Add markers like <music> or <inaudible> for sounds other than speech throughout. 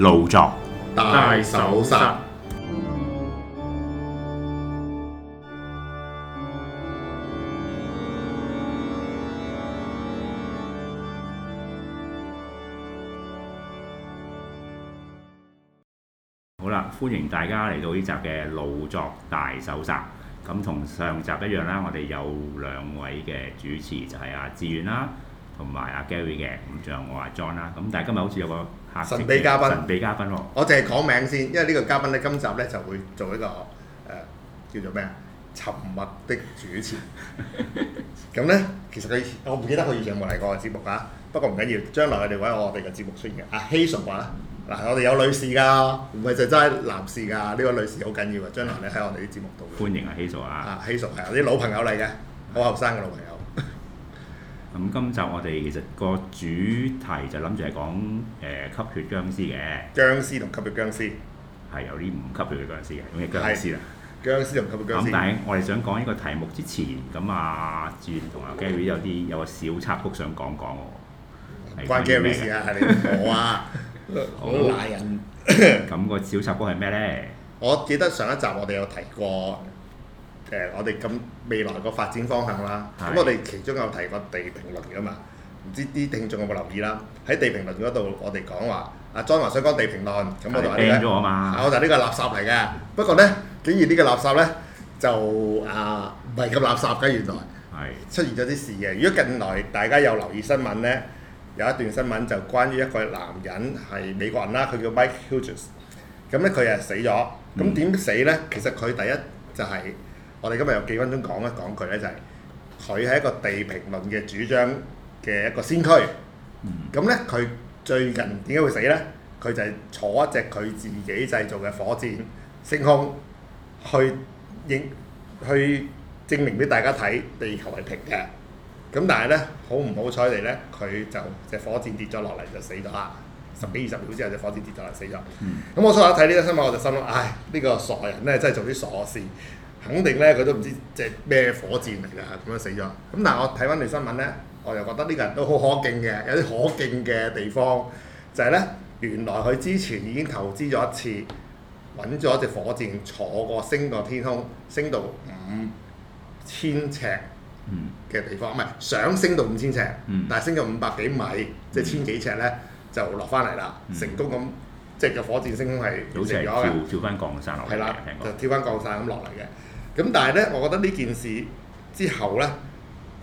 路作大手殺。殺好啦，歡迎大家嚟到呢集嘅路作大手殺。咁同上集一樣啦，我哋有兩位嘅主持就係阿志遠啦。同埋阿 Gary 嘅，咁仲有，有我阿 John 啦，咁但係今日好似有個神秘嘉賓，神秘嘉賓咯，我淨係講名先，因為呢個嘉賓咧，今集咧就會做一個誒、呃、叫做咩啊，沉默的主持。咁咧， <laughs> 其實佢我唔記得佢以前有冇嚟過節目啊，不過唔緊、啊啊這個、要，將來佢哋會喺我哋嘅節目出現嘅。阿 Hazel 啊，嗱，我哋有女士㗎，唔係就真係男士㗎，呢個女士好緊要啊，將來你喺我哋啲節目度。歡迎阿 Hazel 啊！啊，Hazel 係啲老朋友嚟嘅，好後生嘅老朋友。啊啊咁今集我哋其實個主題就諗住係講誒吸血僵屍嘅，僵屍同吸血僵屍，係有啲唔吸血嘅殭屍嘅，咁嘅殭屍啦，殭屍同吸血僵屍。咁但係我哋想講呢個題目之前，咁阿志遠同阿 Gary 有啲有，有個小插曲想講講喎，關 Gary 咩事啊？係你我啊， <laughs> 好賴人。咁好個小插曲係咩咧？我記得上一集我哋有提過。誒、呃，我哋咁未來個發展方向啦。咁、嗯是嗯、我哋其中有提過地平論嘅嘛，唔知啲聽眾有冇留意啦？喺地平論嗰度，我哋講話啊莊華想講地平論，咁我就話我就呢個垃，垃圾嚟嘅。不過呢，竟然呢個垃圾呢，就啊唔係咁垃圾㗎，原來係、嗯、出現咗啲事嘅。如果近來大家有留意新聞呢，有一段新聞就關於一個男人係美國人啦，佢叫 Mike Hughes，咁、嗯、呢，佢、嗯、啊死咗。咁點死呢？其實佢第一就係、是。我哋今日有幾分鐘講咧，講佢咧就係佢係一個地平論嘅主張嘅一個先驅。咁咧、嗯，佢最近點解會死呢？佢就係坐一隻佢自己製造嘅火箭升空去應去證明俾大家睇地球係平嘅。咁但係咧，好唔好彩地咧，佢就隻火箭跌咗落嚟就死咗啦。十幾二十秒之後，隻火箭跌咗落嚟死咗。咁、嗯、我初下睇呢個新聞，我就心諗：唉，呢個傻人咧，真係做啲傻事。肯定咧，佢都唔知隻咩火箭嚟㗎，咁樣死咗。咁但係我睇翻啲新聞咧，我又覺得呢個人都好可敬嘅，有啲可敬嘅地方就係、是、咧，原來佢之前已經投資咗一次，揾咗隻火箭坐過升個天空，升到五千尺嘅地方，唔係、嗯、想升到五千尺，嗯、但係升咗五百幾米，嗯、即係千幾尺咧就落翻嚟啦，嗯、成功咁即係個火箭升空係完成咗跳跳翻降落傘落係跳翻降落傘咁落嚟嘅。咁但係咧，我覺得呢件事之後呢，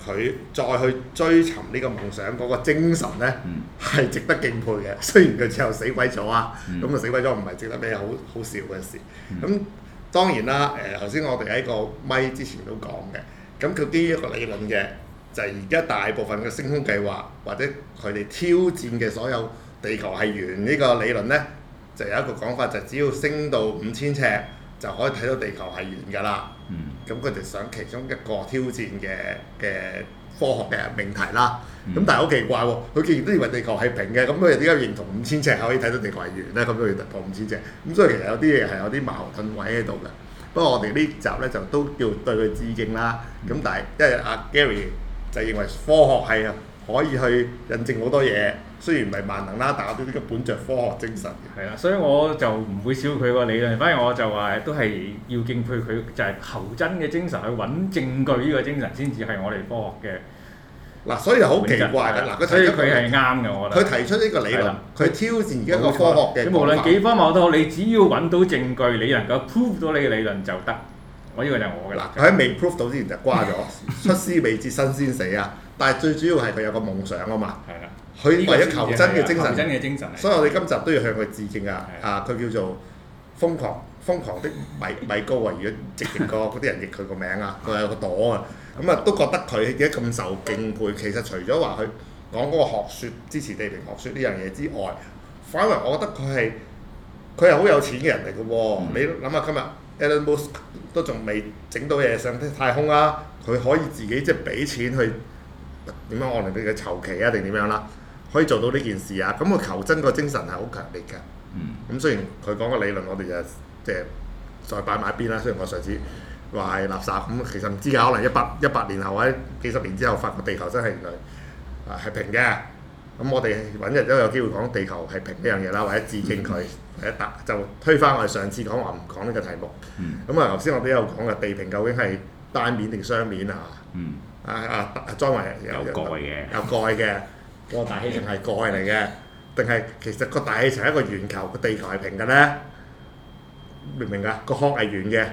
佢再去追尋呢個夢想嗰、那個精神呢，係、mm. 值得敬佩嘅。雖然佢之後死鬼咗啊，咁佢、mm. 死鬼咗唔係值得咩好好笑嘅事。咁、mm. 當然啦，誒頭先我哋喺個咪之前都講嘅，咁佢啲一個理論嘅就係而家大部分嘅升空計劃或者佢哋挑戰嘅所有地球係圓呢個理論呢，就有一個講法就係、只要升到五千尺，就可以睇到地球係圓嘅啦。咁佢哋想其中一個挑戰嘅嘅科學嘅命題啦。咁、嗯、但係好奇怪喎，佢既然都認為地球係平嘅。咁佢哋點解認同五千尺可以睇到地球係圓咧？咁佢突破五千尺。咁所以其實有啲嘢係有啲矛盾位喺度嘅。不過我哋呢集咧就都要對佢致敬啦。咁、嗯、但係因為阿、啊、Gary 就認為科學係啊。可以去印證好多嘢，雖然唔係萬能啦，但係都呢個本着科學精神。係啦，所以我就唔會笑佢個理論，反而我就話都係要敬佩佢就係、是、求真嘅精神，去揾證據呢個精神先至係我哋科學嘅。嗱，所以好奇怪啦！嗱，所以佢係啱嘅，我覺得。佢提出呢個理論，佢的挑戰而家個科學嘅無論幾荒謬都好，你只要揾到證據，你能夠 prove 到你嘅理論就得。我以為就係我嘅啦。佢喺未 prove 到之前就瓜咗，出師未至身先死啊！但係最主要係佢有個夢想啊嘛。係啦，佢為咗求真嘅精神，求真嘅精神。所以我哋今集都要向佢致敬啊！啊，佢叫做瘋狂瘋狂的米米高啊！如果直營哥嗰啲人譯佢個名啊，佢有個朵啊，咁啊都覺得佢點解咁受敬佩？其實除咗話佢講嗰個學説支持地平學説呢樣嘢之外，反為我覺得佢係佢係好有錢嘅人嚟嘅喎。你諗下今日。e 都仲未整到嘢上太空啊，佢可以自己即係俾錢去點樣按佢嘅籌期啊，定點樣啦、啊，可以做到呢件事啊，咁佢求真個精神係好強烈嘅。咁雖然佢講個理論，我哋就即係在擺馬邊啦再擺埋邊。雖然我上次話係、哎、垃圾，咁、嗯、其實唔知啊，可能一百一百年後或者幾十年之後，發覺地球真係原來係平嘅。咁、嗯、我哋搵日都有機會講地球係平呢樣嘢啦，或者致敬佢，嗯、或者打就推翻我哋上次講話唔講呢個題目。咁啊、嗯，頭先、嗯、我都有講嘅地平究竟係單面定雙面、嗯、啊？嗯。啊啊！裝埋有，有蓋嘅，有蓋嘅個 <laughs> 大氣層係蓋嚟嘅，定係其實個大氣層係一個圓球，個地球係平嘅咧？明唔明㗎？個殼係圓嘅，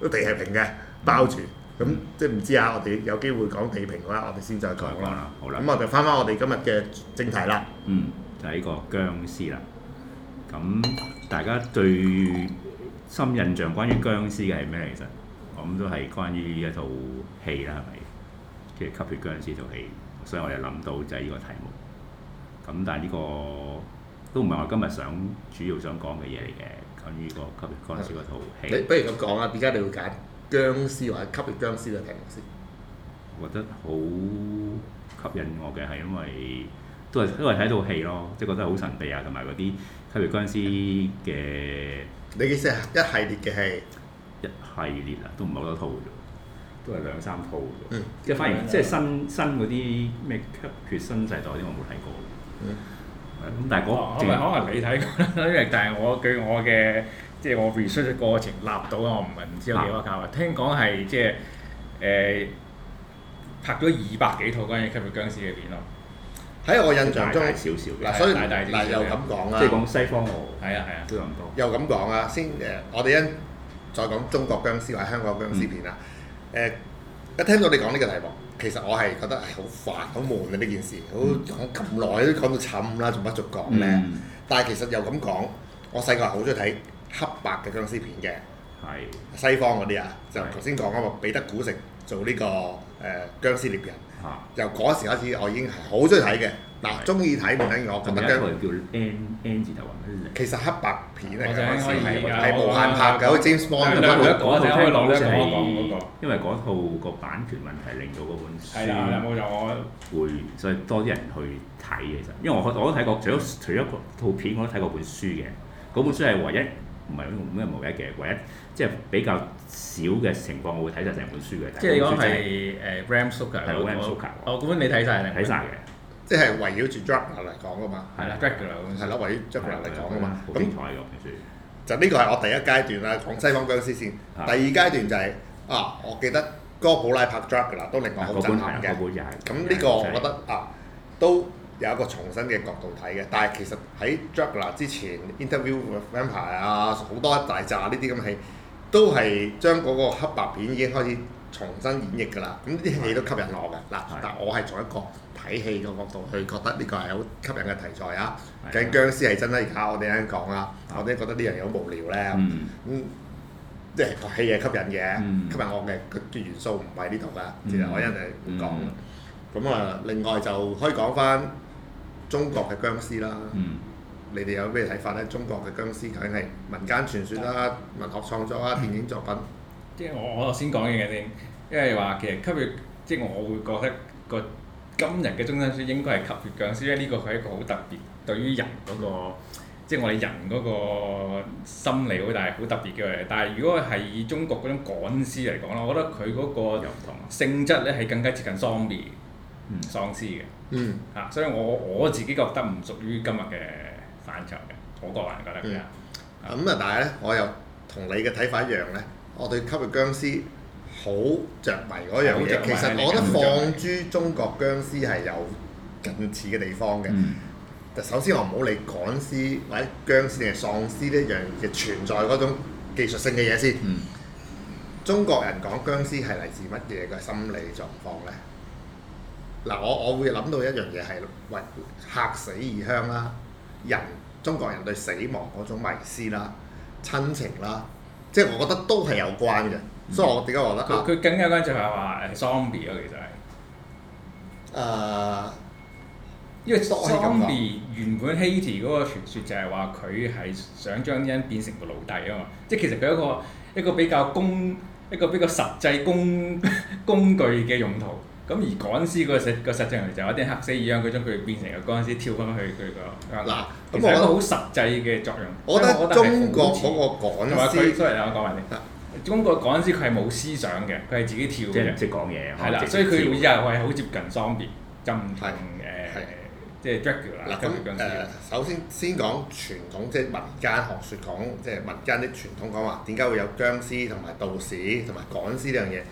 個、嗯、地係平嘅，包住。咁、嗯、即係唔知啊！我哋有機會講地平嘅話，我哋先再講啦、嗯。好啦，咁我哋翻返我哋今日嘅正題啦。嗯，就係、是、呢個僵屍啦。咁大家最深印象關於僵屍嘅係咩？其實咁都係關於一套戲啦，係咪？即係「吸血僵屍」套戲，所以我哋諗到就係呢個題目。咁但係、這、呢個都唔係我今日想主要想講嘅嘢嚟嘅，關於個「吸血僵屍」套戲。不如咁講啊！點解你會揀？僵屍，或者吸血僵屍，嘅題目先，我覺得好吸引我嘅係因為都係因為睇套戲咯，即係覺得好神秘啊，同埋嗰啲吸血僵屍嘅。你嘅即係一系列嘅戲，一系列啊，都唔係好多套啫，都係兩三套啫、嗯。即係反而即係新的新嗰啲咩吸血新世代啲我冇睇過。咁、嗯，但係嗰、那個，嗯、可能你睇過，因為 <laughs> 但係我據我嘅。即係我 research 嘅過程，立到我唔係唔知有幾多教嘅。聽講係即係誒拍咗二百幾套關於吸血僵屍嘅片咯。喺我印象中，大少少嘅，大大又咁少嘅。即係講西方嘅，係啊係啊，都咁多。又咁講啊，先誒，我哋一再講中國僵屍或者香港僵屍片啦。誒一聽到你講呢個題目，其實我係覺得係好煩、好悶啊！呢件事好講咁耐，都講到沉啦，仲乜續講咧？但係其實又咁講，我細個好中意睇。黑白嘅僵屍片嘅，西方嗰啲啊，就頭先講嗰個彼得古城，做呢個誒殭屍獵人，由嗰時開始我已經好中意睇嘅，嗱中意睇唔睇我？得叫「其實黑白片咧，係無限拍嘅，有 James Bond 嗰套，嗰套聽就係因為嗰套個版權問題令到嗰本書係啊，有冇有我？會所以多啲人去睇嘅。其實，因為我我都睇過，除咗除咗個套片我都睇過本書嘅，嗰本書係唯一。唔係咁咁又冇嘅，其實唯一即係比較少嘅情況，我會睇晒成本書嘅。即係你講係誒，Bram Stoker 係 Bram Stoker。哦，嗰本你睇晒，定睇晒嘅？即係圍繞住 Dracula 嚟講啊嘛。係啦，Dracula 係咯，圍 Dracula 嚟講啊嘛。咁就呢個係我第一階段啦，講西方僵屍先。第二階段就係啊，我記得哥普拉拍 Dracula 都另外一震撼嘅。哥普拉，係。咁呢個我覺得啊，都。有一個重新嘅角度睇嘅，但係其實喺 Dracula 之前 Interview with Vampire 啊，好多大炸呢啲咁嘅戲，都係將嗰個黑白片已經開始重新演繹㗎啦。咁啲戲都吸引我嘅嗱，但我係從一個睇戲嘅角度去覺得呢個係好吸引嘅題材啊。咁殭屍係真係，而家我哋啱講啦，我哋覺得啲人好無聊咧。咁即係個戲嘢吸引嘅，吸引我嘅，佢嘅元素唔係呢度㗎。其實我一定係咁講。咁啊，另外就可以講翻。中國嘅僵屍啦，嗯、你哋有咩睇法咧？中國嘅僵屍究竟係民間傳說啦、啊、但文學創作啦、啊、電影作品？嗯嗯嗯、即係我，我頭先講嘅嘢先，因為話其實吸血，即係我會覺得個今日嘅終身書應該係吸血僵屍。因呢個佢係一個好特別對於人嗰、嗰個，即係、嗯、我哋人嗰個心理好大，好特別嘅嘢。但係如果係以中國嗰種殭屍嚟講啦，我覺得佢嗰個性質咧係更加接近 z o m b 唔、嗯、喪屍嘅，嗯，嚇、啊，所以我我自己覺得唔屬於今日嘅範疇嘅，我個人覺得咁嘅。咁啊、嗯嗯，但係咧，我又同你嘅睇法一樣咧，我對吸血僵屍好着迷嗰樣嘢。其實我覺得放諸中國僵屍係有近似嘅地方嘅。就、嗯、首先我唔好理趕屍或者僵屍」定係喪屍呢一樣嘅存在嗰種技術性嘅嘢先。嗯、中國人講僵屍」係嚟自乜嘢嘅心理狀況咧？嗱，我我會諗到一樣嘢係為嚇死異鄉啦，人中國人對死亡嗰種迷思啦、親情啦，即係我覺得都係有關嘅。嗯、所以我點解話得？佢、嗯啊、更加嗰陣就係話誒 zombie 啊，其實係誒，啊、因為 zombie 原本 Haiti 嗰個傳說就係話佢係想將啲人變成個奴隸啊嘛，即係其實佢一個一個比較工一個比較實際工工具嘅用途。咁而趕屍嗰個實個實際就係一啲黑死異樣，佢將佢變成個趕屍跳翻去佢個嗱，其實一個好實際嘅作用。我覺得中國嗰個趕屍都我啊，講埋先。中國趕屍佢係冇思想嘅，佢係自己跳嘅，即係唔識講嘢。係啦，所以佢又係好接近 zombie，就唔同誒，即係 Dracula。首先先講傳統即係民間學説講，即係民間啲傳統講話，點解會有殭屍同埋道士同埋趕屍呢樣嘢？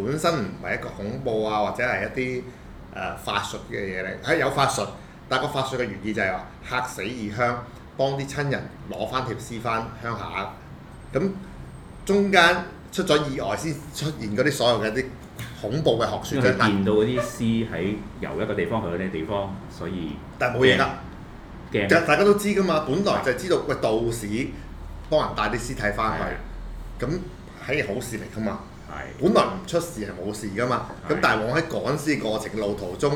本身唔係一個恐怖啊，或者係一啲誒、呃、法術嘅嘢嚟，喺有法術，但個法術嘅原意就係話嚇死異鄉，幫啲親人攞翻條屍翻鄉下。咁中間出咗意外先出現嗰啲所有嘅啲恐怖嘅學說。即係見到嗰啲屍喺由一個地方去另一地方，所以但係冇嘢㗎，大家都知㗎嘛，本來就知道個道士幫人帶啲屍體翻去，咁係的好事嚟㗎嘛。嗯本來唔出事係冇事噶嘛，咁但係我喺趕屍過程路途中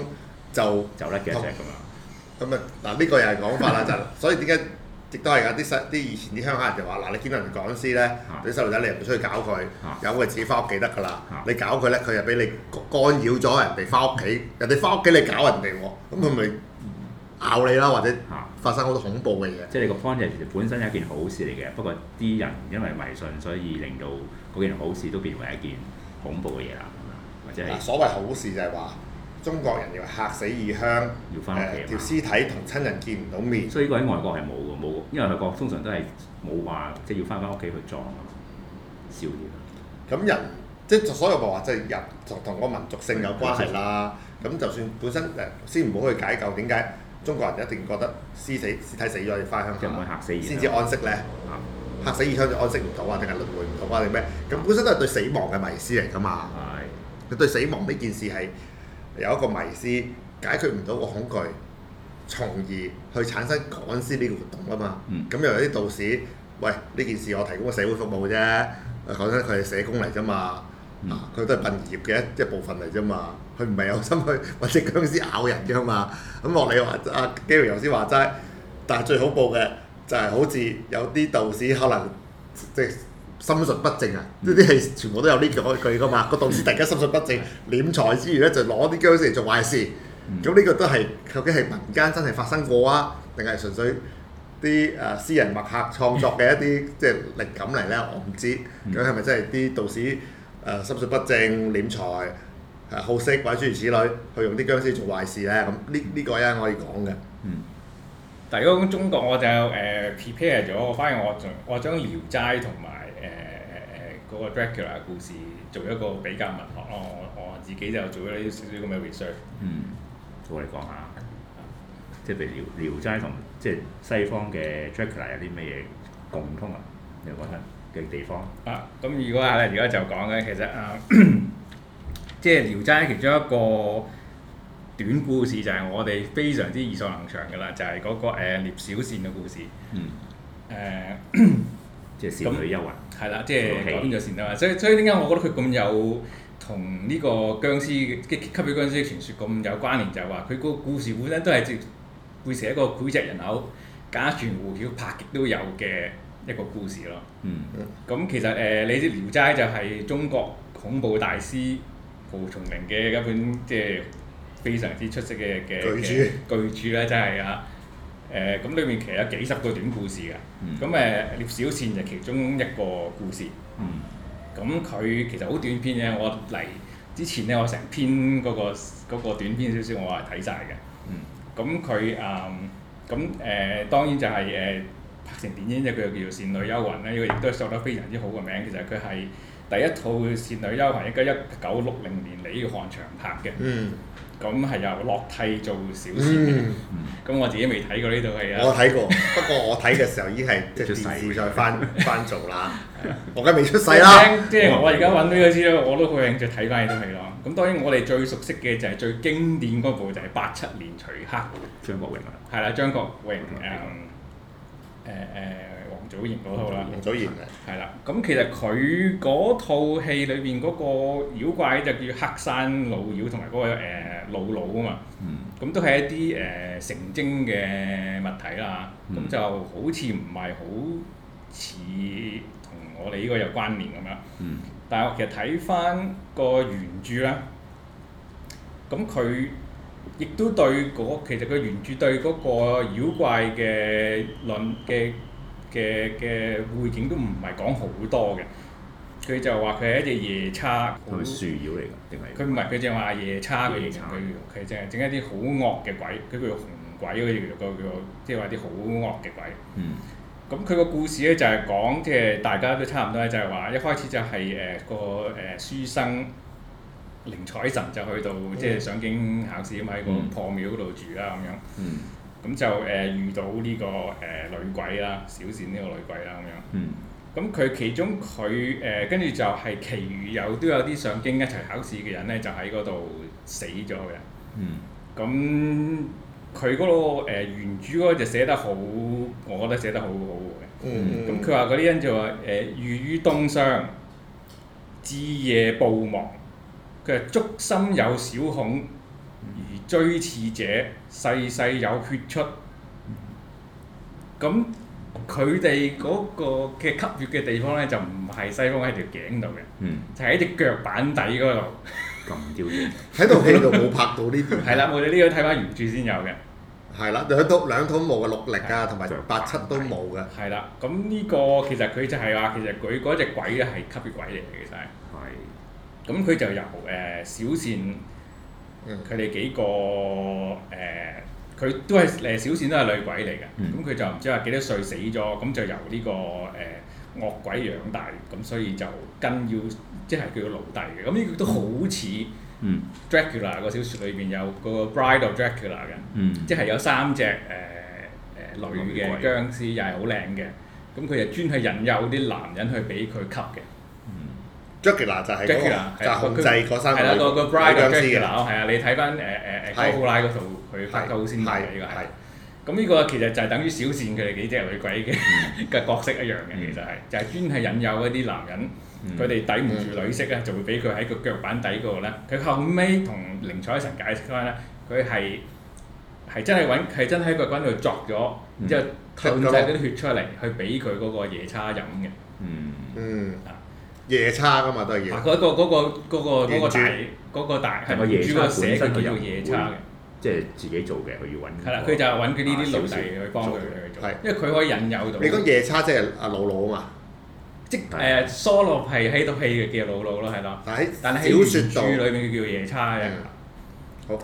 就走甩幾隻咁啊，咁嗱呢個又係講法啦，就所以點解，亦都係有啲細啲以前啲鄉下人就話，嗱你見到人趕屍咧，啲細路仔你又唔出去搞佢，有佢自己翻屋企得噶啦，你搞佢咧，佢又俾你干擾咗人哋翻屋企，人哋翻屋企你搞人哋喎，咁佢咪咬你啦，或者發生好多恐怖嘅嘢。即係你個方其實本身係一件好事嚟嘅，不過啲人因為迷信，所以令到。我見好事都變為一件恐怖嘅嘢啦，或者係所謂好事就係話中國人要嚇死異鄉，要返屋企。條屍體同親人見唔到面，嗯、所以呢個喺外國係冇嘅，冇，因為外國通常都係冇話即係要翻返屋企去葬。少咁人，即係所有話即係人同同個民族性有關係啦。咁吧就算本身先唔好去解救，點解中國人就一定覺得屍死屍體死咗要返屋企，先唔好嚇死異鄉，先至安息咧？嚇、啊、死而生就安息唔到啊，定係輪迴唔到啊，定咩？咁本身都係對死亡嘅迷思嚟噶嘛。佢的對死亡呢件事係有一個迷思解決唔到個恐懼，從而去產生殭屍呢個活動啊嘛。咁、嗯、又有啲道士，喂，呢件事我提供個社會服務啫、啊，講真佢係社工嚟啫嘛。啊，佢都係殯業嘅一部分嚟啫嘛。佢唔係有心去或者僵屍咬人啫嘛。咁落你話阿 Gary 頭先話齋，但係最恐怖嘅。就係好似有啲道士可能即係心術不正啊！呢啲係全部都有呢句句噶嘛。個道士突然間心術不正，斂財、嗯、之餘咧就攞啲僵屍嚟做壞事。咁呢、嗯、個都係究竟係民間真係發生過啊，定係純粹啲誒私人墨客創作嘅一啲即係靈感嚟咧？我唔知咁係咪真係啲道士誒心術不正斂財係好色或者諸如此類去用啲僵屍做壞事咧？咁呢呢、嗯這個咧我、嗯這個、可以講嘅。嗯嗯嗯這個但如果講中國我就誒、呃、prepare 咗，反而我仲我將《聊、呃、齋》同埋誒誒誒嗰個《Dracula》故事做一個比較文學。我我我自己就做咗啲少少咁嘅 research。嗯，我哋講下，即係譬如《聊聊齋》同即係西方嘅《Dracula》有啲乜嘢共通啊？你覺得嘅地方？啊，咁如果係而家就講呢，其實啊， <coughs> 即係《聊齋》其中一個。短故事就係我哋非常之耳熟能詳嘅啦，就係嗰個《聶小倩》嘅故事。嗯。誒、嗯。即係《倩女幽魂》。係啦，即係改編咗線啦。所以所以點解我覺得佢咁有同呢個殭屍，即吸血僵屍嘅傳說咁有關聯？就係話佢個故事本身都係接變成一個膾炙人口、家傳戶曉、拍極都有嘅一個故事咯。嗯。咁、嗯嗯、其實啲《聊齋》呃、就係中國恐怖大師蒲松齡嘅一本即係。即非常之出色嘅嘅嘅巨著主咧，真係啊！誒咁裏面其實有幾十個短故事嘅，咁誒、嗯《聶、呃、小倩》就其中一個故事。咁佢、嗯嗯、其實好短篇嘅，我嚟之前咧，我成篇嗰、嗰個嗰個短篇少少，我係睇晒嘅。咁佢啊，咁誒、嗯嗯呃、當然就係、係、誒拍成電影即佢又叫做《倩女幽魂》咧，亦都收得非常之好嘅名。其實佢係第一套《倩女幽魂》應該，依家一九六零年李翰祥拍嘅。嗯咁係由樂蒂做小生嘅，咁、嗯、我自己未睇過呢套戲啊。我睇過， <laughs> 不過我睇嘅時候已經係即係電視再翻翻做啦。我梗未出世啦。即係 <laughs> <laughs> 我而家揾到呢個資料，我都好興趣睇翻呢套戲咯。咁當然我哋最熟悉嘅就係最經典嗰部就係八七年，徐克、張國榮係啦， <laughs> 張國榮誒誒。Okay. 嗯呃呃祖賢嗰套啦，祖賢係啦，咁嗎其實佢嗰套戲裏邊嗰個妖怪就叫黑山老妖同埋嗰個、呃、老佬啊嘛，咁、嗯、都係一啲誒、呃、成精嘅物體啦，咁、嗯、就好似唔係好似同我哋呢個有關聯咁樣，嗯、但係我其實睇翻個原著啦，咁佢亦都對嗰、嗰個、其實佢原著對嗰個妖怪嘅論嘅。嘅嘅背景都唔係講好多嘅，佢就話佢係一隻夜叉，佢係樹妖嚟㗎定係？佢唔係，佢就話夜叉嘅夜叉嘅淨係，整一啲好惡嘅鬼，佢叫紅鬼，佢叫做，即係話啲好惡嘅鬼。咁佢個故事咧就係、是、講，即、就、係、是、大家都差唔多咧，就係話一開始就係、是、誒個誒書生寧采臣就去到即係上京考試，咁喺、嗯、個破廟嗰度住啦咁樣。嗯嗯。咁就誒、呃、遇到呢、這個誒、呃、女鬼啦，小倩呢個女鬼啦咁樣。嗯。咁佢其中佢誒跟住就係其餘有都有啲上京一齊考試嘅人咧，就喺嗰度死咗嘅。嗯。咁佢嗰個、呃、原著嗰個就寫得好，我覺得寫得好好嘅。嗯，咁佢話嗰啲人就話誒遇於東商，至、呃、夜暴亡，佢係足心有小孔。而追刺者細細有血出，咁佢哋嗰個嘅吸血嘅地方咧，就唔係西方喺條頸度嘅，嗯，就喺隻腳板底嗰度。咁屌嘢，喺度喺度冇拍到呢段。係啦， <laughs> 我哋呢度睇翻原著先有嘅。係啦，兩套兩套都冇嘅六力啊，同埋八七都冇嘅。係啦，咁呢個其實佢就係話，其實佢嗰隻鬼咧係吸血鬼嚟嘅，其實係。係對。咁佢就由誒小倩。佢哋幾個誒，佢、呃、都係誒小倩都係女鬼嚟嘅，咁佢、嗯、就唔知話幾多歲死咗，咁就由呢、這個誒、呃、惡鬼養大，咁所以就跟要即係叫做奴隸嘅，咁呢個都好似《嗯、Dracula》個小說裏邊有嗰、那個 Bride of Dracula 嘅，嗯、即係有三隻誒誒、呃呃、女嘅僵屍，又係好靚嘅，咁佢就專係引誘啲男人去俾佢吸嘅。Dracula 就係，就控制嗰三女鬼。係啦，個個 Bride、Dracula，係啊，你睇翻誒誒誒，Golli 嗰套佢發佈先嘅呢個。係，咁呢個其實就係等於小倩佢哋幾隻女鬼嘅嘅角色一樣嘅，其實係，就係專係引誘一啲男人，佢哋抵唔住女色咧，就會俾佢喺個腳板底嗰度咧。佢後尾同寧采臣解釋翻咧，佢係係真係揾係真喺個棺度鑿咗，然之後吞曬啲血出嚟，去俾佢嗰個夜叉飲嘅。嗯。夜叉噶嘛，都係夜。嗰個嗰個嗰個嗰個大嗰個大，佢主個寫佢叫夜叉嘅，即係自己做嘅，佢要揾。係啦，佢就揾佢呢啲徒弟去幫佢去做，因為佢可以引誘到。你講夜叉即係阿魯魯啊嘛？即係誒，Solo 係喺度戲嘅叫魯魯咯，係啦。但喺小説裡邊佢叫夜叉嘅，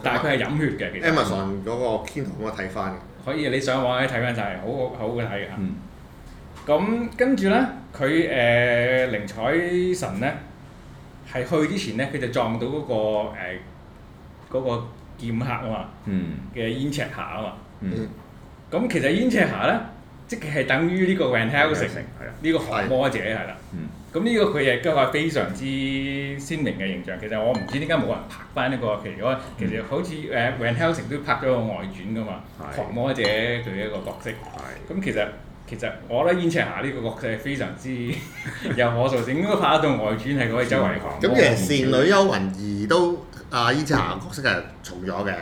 但係佢係飲血嘅。Amazon 嗰個天堂我睇翻嘅。可以，你上網可以睇翻曬，好好好睇嘅。咁跟住咧，佢誒寧采臣咧，係去之前咧，佢就撞到嗰個誒嗰個劍客啊嘛，嘅燕赤霞啊嘛。咁其實燕赤霞咧，即係等於呢個 Van Helsing，呢個降魔者係啦。咁呢個佢亦都係非常之鮮明嘅形象。其實我唔知點解冇人拍翻呢個，其實其實好似 Van Helsing 都拍咗個外傳噶嘛，降魔者佢一個角色。咁其實其實我覺得燕赤霞呢、這個角色非常之 <laughs> 由我做，應該拍一套外傳係可以周圍擴。咁其實《倩女幽魂二》都阿燕赤霞角色係重咗嘅。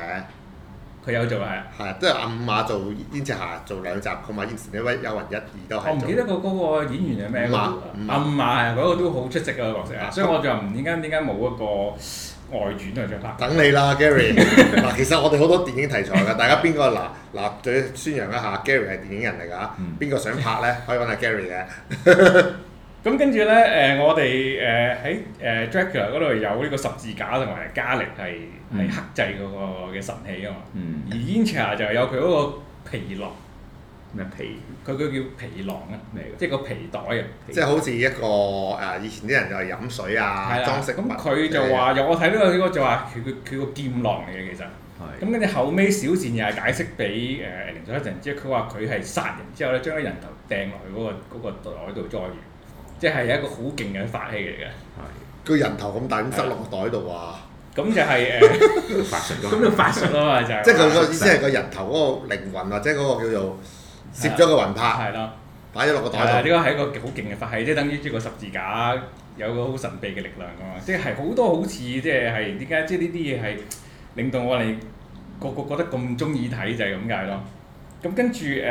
佢有做係。係都係午馬做燕赤霞做兩集，同埋《燕神》呢位幽魂一、二都係。我唔記得個嗰個演員係咩。馬、嗯嗯、午馬係嗰個都好出色啊個角色啊，嗯嗯、所以我就唔點解點解冇一個。外傳啊，著拍，等你啦，Gary。嗱， <laughs> 其實我哋好多電影題材嘅， <laughs> 大家邊個嗱嗱，再宣揚一下 Gary 係電影人嚟㗎，邊個 <laughs> 想拍咧，可以問下 Gary 嘅。咁、 <laughs> 嗯嗯、跟住咧，誒、呃、我哋誒喺 Dracula 嗰度有呢個十字架同埋加力係係克制嗰個嘅神器啊嘛。嗯、而 Incha 就有佢嗰個皮囊。咩皮？佢佢叫皮囊啊，咩嘅？即係個皮袋啊。即係好似一個誒，以前啲人就係飲水啊，裝飾物咁佢就話有、就係、我睇到佢呢個就話佢佢佢個劍囊嚟嘅其實。咁跟住後尾小倩又係解釋俾誒林左一神知，佢話佢係殺人之後咧，將個人頭掟落去嗰個嗰、嗰個袋度裝住，即係係一個好勁嘅法器嚟嘅。係。個人頭咁大，咁塞落 <laughs> 個袋度啊？咁 <laughs> 就係誒，法術咯。咁就法術啊嘛，就。即係佢個意思係個人頭嗰個靈魂或者嗰個叫做。攝咗個雲拍，係咯的，打咗落個袋度。呢個係一個好勁嘅法器，係即係等於即係個十字架，有個好神秘嘅力量咁啊！即係好多好似即係係點解，即係呢啲嘢係令到我哋個個覺得咁中意睇就係咁解咯。咁、嗯、跟住誒，佢、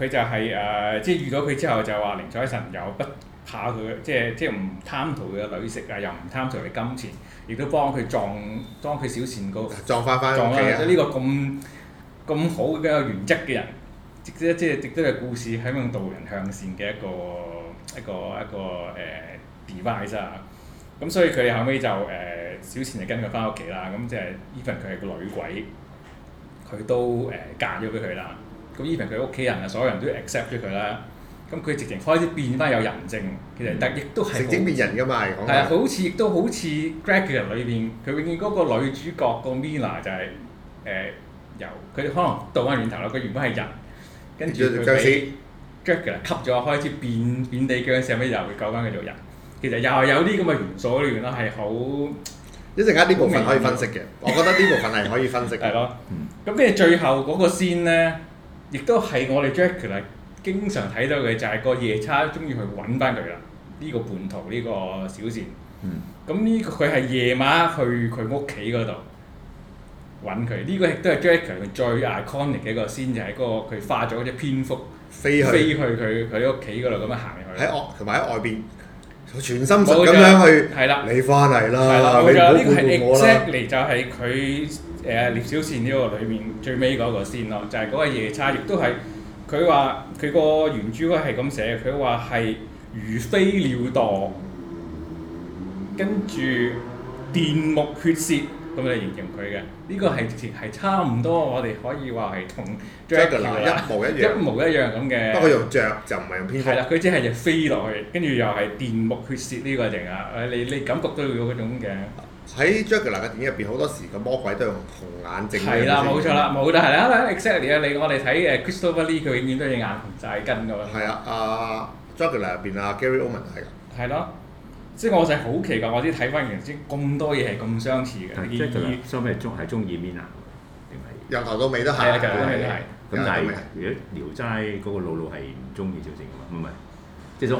呃、就係、是、誒、呃、即係遇咗佢之後就話寧采臣有不怕佢，即係即係唔貪圖佢嘅女色啊，又唔貪圖佢金錢，亦都幫佢撞幫佢小倩個撞翻翻屋企啊！呢個咁咁好嘅原則嘅人，即係即係，即係故事喺度導人向善嘅一個一個一個誒、呃、device 啊！咁所以佢後尾就誒、呃、小倩就跟佢翻屋企啦。咁即係 Even 佢係個女鬼，佢都誒、呃、嫁咗俾佢啦。咁 Even 佢屋企人啊，所有人都 accept 咗佢啦。咁佢直情開始變翻有人性，其實但亦都係成精變人㗎嘛嚟係啊，好似亦像的都好似 Dracula 裏邊，佢永遠嗰個女主角個 Mina 就係、是、誒、呃、由佢可能倒翻轉頭啦，佢原本係人。跟住佢俾 j a c k y l 吸咗，開始變變地僵屍，尾又會救翻佢做人？其實又係有啲咁嘅元素，原來係好一陣間，呢部分可以分析嘅。 <laughs> 我覺得呢部分係可以分析。係咯，咁跟住最後嗰個仙咧，亦都係我哋 Jackal 經常睇到嘅，就係、是、個夜叉中意去揾翻佢啦。呢、這個叛徒，呢、這個小倩，咁呢佢係夜晚去佢屋企嗰度。揾佢，呢、這個亦都係 Jackie 最 iconic 嘅一個 scene，那個，就係嗰個佢化咗嗰隻蝙蝠飛去飛去佢佢屋企嗰度咁樣行入去。喺同埋喺外邊，佢全心神咁樣去。係啦。你翻嚟啦，你唔好辜負我啦。呢個係 exactly 就係佢誒《聶、呃、小倩》呢個裏面最尾嗰個 scene 咯，就係嗰個夜叉，亦都係佢話佢個原著嗰係咁寫，佢話係如飛鳥墜，跟住電目血舌。咁嚟形容佢嘅，呢個係直係差唔多，我哋可以話係同《Jackie》一模一樣，一模一樣咁嘅。不過用著就唔係用蝙蝠。係啦，佢只係就飛落去，跟住又係面目血舌呢個型啊！你你感覺到嗰種嘅。喺《Jackie》嘅片入邊，好多時個魔鬼都用紅眼睛。係啦，冇錯啦，冇得係啦。Exactly 啊，你我哋睇誒《Crystal Valley》，佢永遠都係眼紅曬根㗎喎。係啊，阿《Jackie》入邊啊，Gary Owen 係。係咯。即係我就係好奇怪，我啲睇翻原先，咁多嘢係咁相似嘅。所以中係中意 Mina 定係由頭到尾都係啊！咁但係如果《聊齋》嗰個姥姥係唔中意小靜嘅嘛？唔係，即係都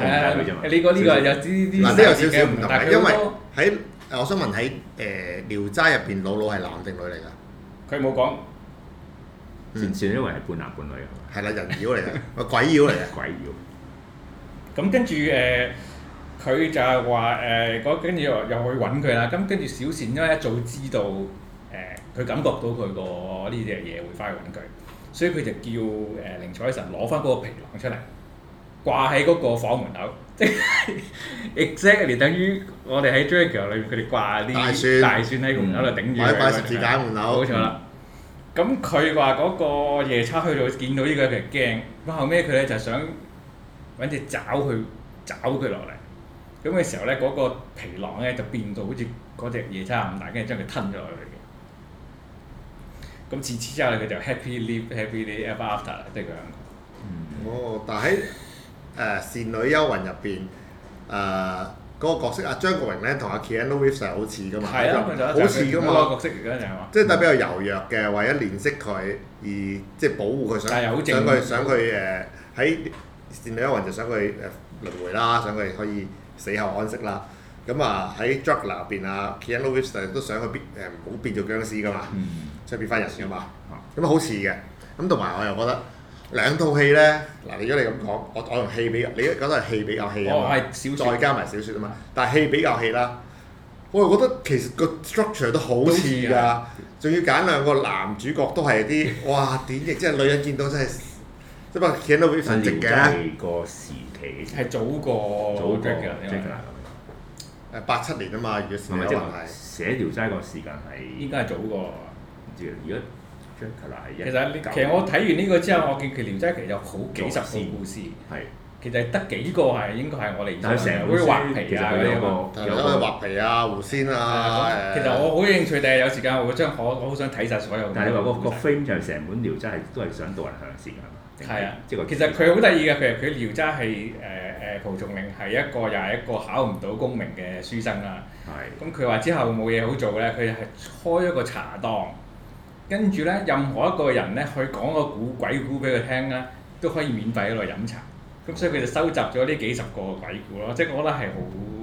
你講呢個有啲啲少少唔同，因為喺我想問喺誒《聊齋》入邊姥姥係男定女嚟㗎？佢冇講前前一位係半男半女係嘛？係啦，人妖嚟嘅，鬼妖嚟嘅鬼妖。咁跟住誒。佢就係話誒，跟、呃、住又，又去揾佢啦。咁跟住小倩因為一早知道誒，佢、呃、感覺到佢個呢隻嘢會翻去揾佢，所以佢就叫誒、呃、寧采臣攞翻嗰個皮囊出嚟掛喺嗰個房門口，即係 <laughs> exactly 等於我哋喺《Dracula》裏面佢哋掛啲大、那個、大蒜，大蒜喺門口度頂住嘅。擺十字架門口，冇錯啦。咁佢話嗰個夜叉去到見到、這個、呢個佢係驚，咁後尾，佢咧就想揾隻爪去抓佢落嚟。咁嘅時候咧，嗰個皮囊咧就變到好似嗰隻夜叉咁大，跟住將佢吞咗落去嘅。咁自此之後，佢就 Happy Life，Happy Day After，即係咁。嗯。哦，但喺誒《倩女幽魂》入邊，誒嗰個角色阿張國榮咧，同阿 Ken Loiseau 好似噶嘛？係啊，佢就一類型。好似噶嘛？即係比較柔弱嘅，為咗憐惜佢而即係保護佢，想佢想佢誒喺《倩女幽魂》就想佢誒輪迴啦，想佢可以。死後安息啦，咁、嗯、啊喺 Dracula 入邊啊，Keanu Reeves 都想去，變誒唔好變做僵屍噶嘛，即係變翻人噶嘛，咁啊好似嘅。咁同埋我又覺得兩套戲咧，嗱如果你咁講，我我用戲比，你覺得係戲比較戲啊嘛，哦、小再加埋小説啊嘛，嗯、但係戲比較戲啦，我又覺得其實個 structure 都好似㗎，仲、啊、要揀兩個男主角都係啲哇，典型，即、就、係、是、女人見到真係。真 <laughs> <laughs> 即係話寫到非常值嘅。係早過。早 Dracula 啊，Dracula 啊咁。誒八七年啊嘛，如果時即係。寫《聊齋》個時間係。應該係早過。唔知如果 Dracula 啊其實呢，其實我睇完呢個之後，我見《其聊齋》其實有好幾十個故事。係。其實得幾個係應該係我哋。但係成本。有個畫皮啊，狐仙啊。其實我好有興趣，第日有時間我會將我，我好想睇晒所有。但係你話個個 frame 就係成本《聊齋》係都係想導人向善㗎。係啊，其實佢好得意嘅，其實佢聊齋係誒誒蒲松齡係一個又係一個考唔到功名嘅書生啦。係、啊。咁佢話之後冇嘢好做咧，佢係開一個茶檔，跟住咧任何一個人咧去講個古鬼故俾佢聽咧，都可以免費喺度飲茶。咁、哦嗯、所以佢就收集咗呢幾十個鬼故咯，即係我覺得係好。嗯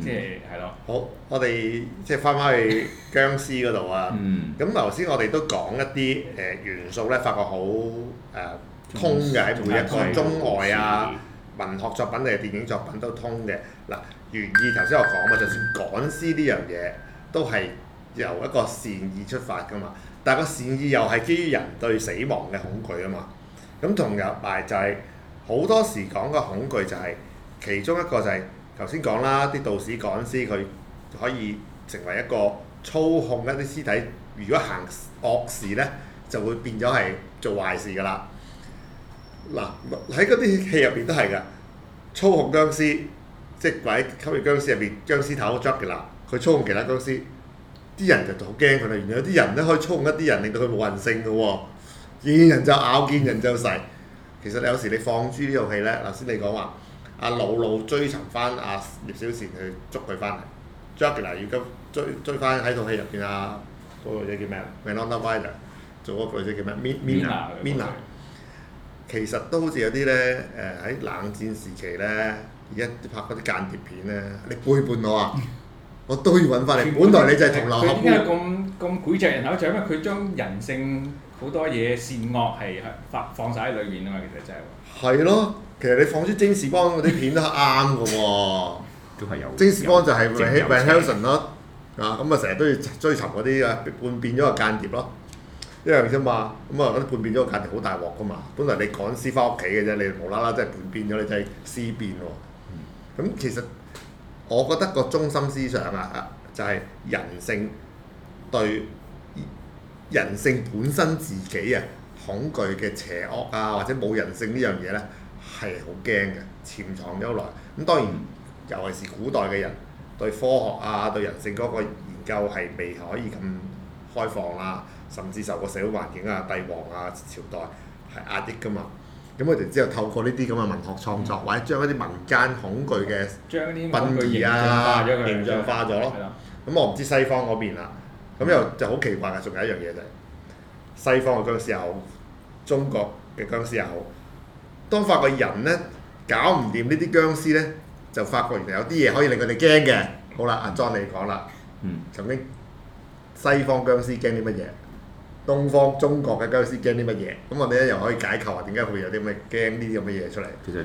即係係咯，mm hmm. 好，我哋即係翻返去殭屍嗰度啊。咁頭先我哋都講一啲誒、呃、元素咧，發覺好誒通嘅喺每一個中外啊中文，文學作品定係電影作品都通嘅。嗱，原意頭先我講啊，就算殭屍呢樣嘢都係由一個善意出發㗎嘛，但係個善意又係基於人對死亡嘅恐懼啊嘛。咁同埋就係、是、好多時講嘅恐懼就係、是、其中一個就係、是。頭先講啦，啲道士趕屍佢可以成為一個操控一啲屍體，如果行惡事呢，就會變咗係做壞事噶啦。嗱，喺嗰啲戲入邊都係噶，操控僵屍，即係鬼吸血僵屍入邊，殭屍頭捉嘅啦，佢操控其他僵屍，啲人就好驚佢啦，原來有啲人呢，可以操控一啲人，令到佢冇人性噶喎、哦，見人就咬，見人就噬。其實你有時你放豬呢套戲呢，頭先你講話。阿老老追尋翻阿、啊、葉小倩去捉佢翻嚟 Jackie 啊要急追追翻喺套戲入邊啊，嗰個女仔叫咩？Melinda Viola 做嗰個女仔叫咩？Mina Mina 其實都好似有啲咧誒喺冷戰時期咧，而家拍嗰啲間諜片咧，你背叛我啊！ <laughs> 我都要揾翻你。本，本來你就係同流合污。咁咁鬼隻人口，就係因為佢將人性好多嘢善惡係發放晒喺裏面啊嘛，其實真係。係咯的。 <laughs> 其實你放出《詹姆斯邦》嗰啲片都啱嘅喎，都係有。詹姆斯邦就係為為 Harrison 咯，啊咁啊成日都要追尋嗰啲啊叛變咗嘅間諜咯，一樣啫嘛。咁啊嗰啲叛變咗嘅間諜好大鑊噶嘛，本來你趕屍翻屋企嘅啫，你無啦啦真係叛變咗，你就係屍變喎。咁其實我覺得個中心思想啊，就係人性對人性本身自己啊，恐懼嘅邪惡啊，或者冇人性呢樣嘢咧。係好驚嘅，潛藏咗來。咁當然，尤其是古代嘅人對科學啊、對人性嗰個研究係未可以咁開放啦、啊，甚至受個社會環境啊、帝王啊、朝代係壓抑㗎嘛。咁佢哋之後透過呢啲咁嘅文學創作，嗯、或者將一啲民間恐懼嘅將啲殭屍啊形象化咗咯。咁我唔知西方嗰邊啦。咁又就好奇怪嘅，仲有一樣嘢就係、是、西方嘅僵屍又好，中國嘅僵屍又好。當發覺人咧搞唔掂呢啲僵屍咧，就發覺原來有啲嘢可以令佢哋驚嘅。好啦，阿莊你講啦，曾經、嗯、西方僵屍驚啲乜嘢，東方中國嘅僵屍驚啲乜嘢？咁我哋咧又可以解構話點解會有啲咩嘅驚呢啲咁嘅嘢出嚟。其實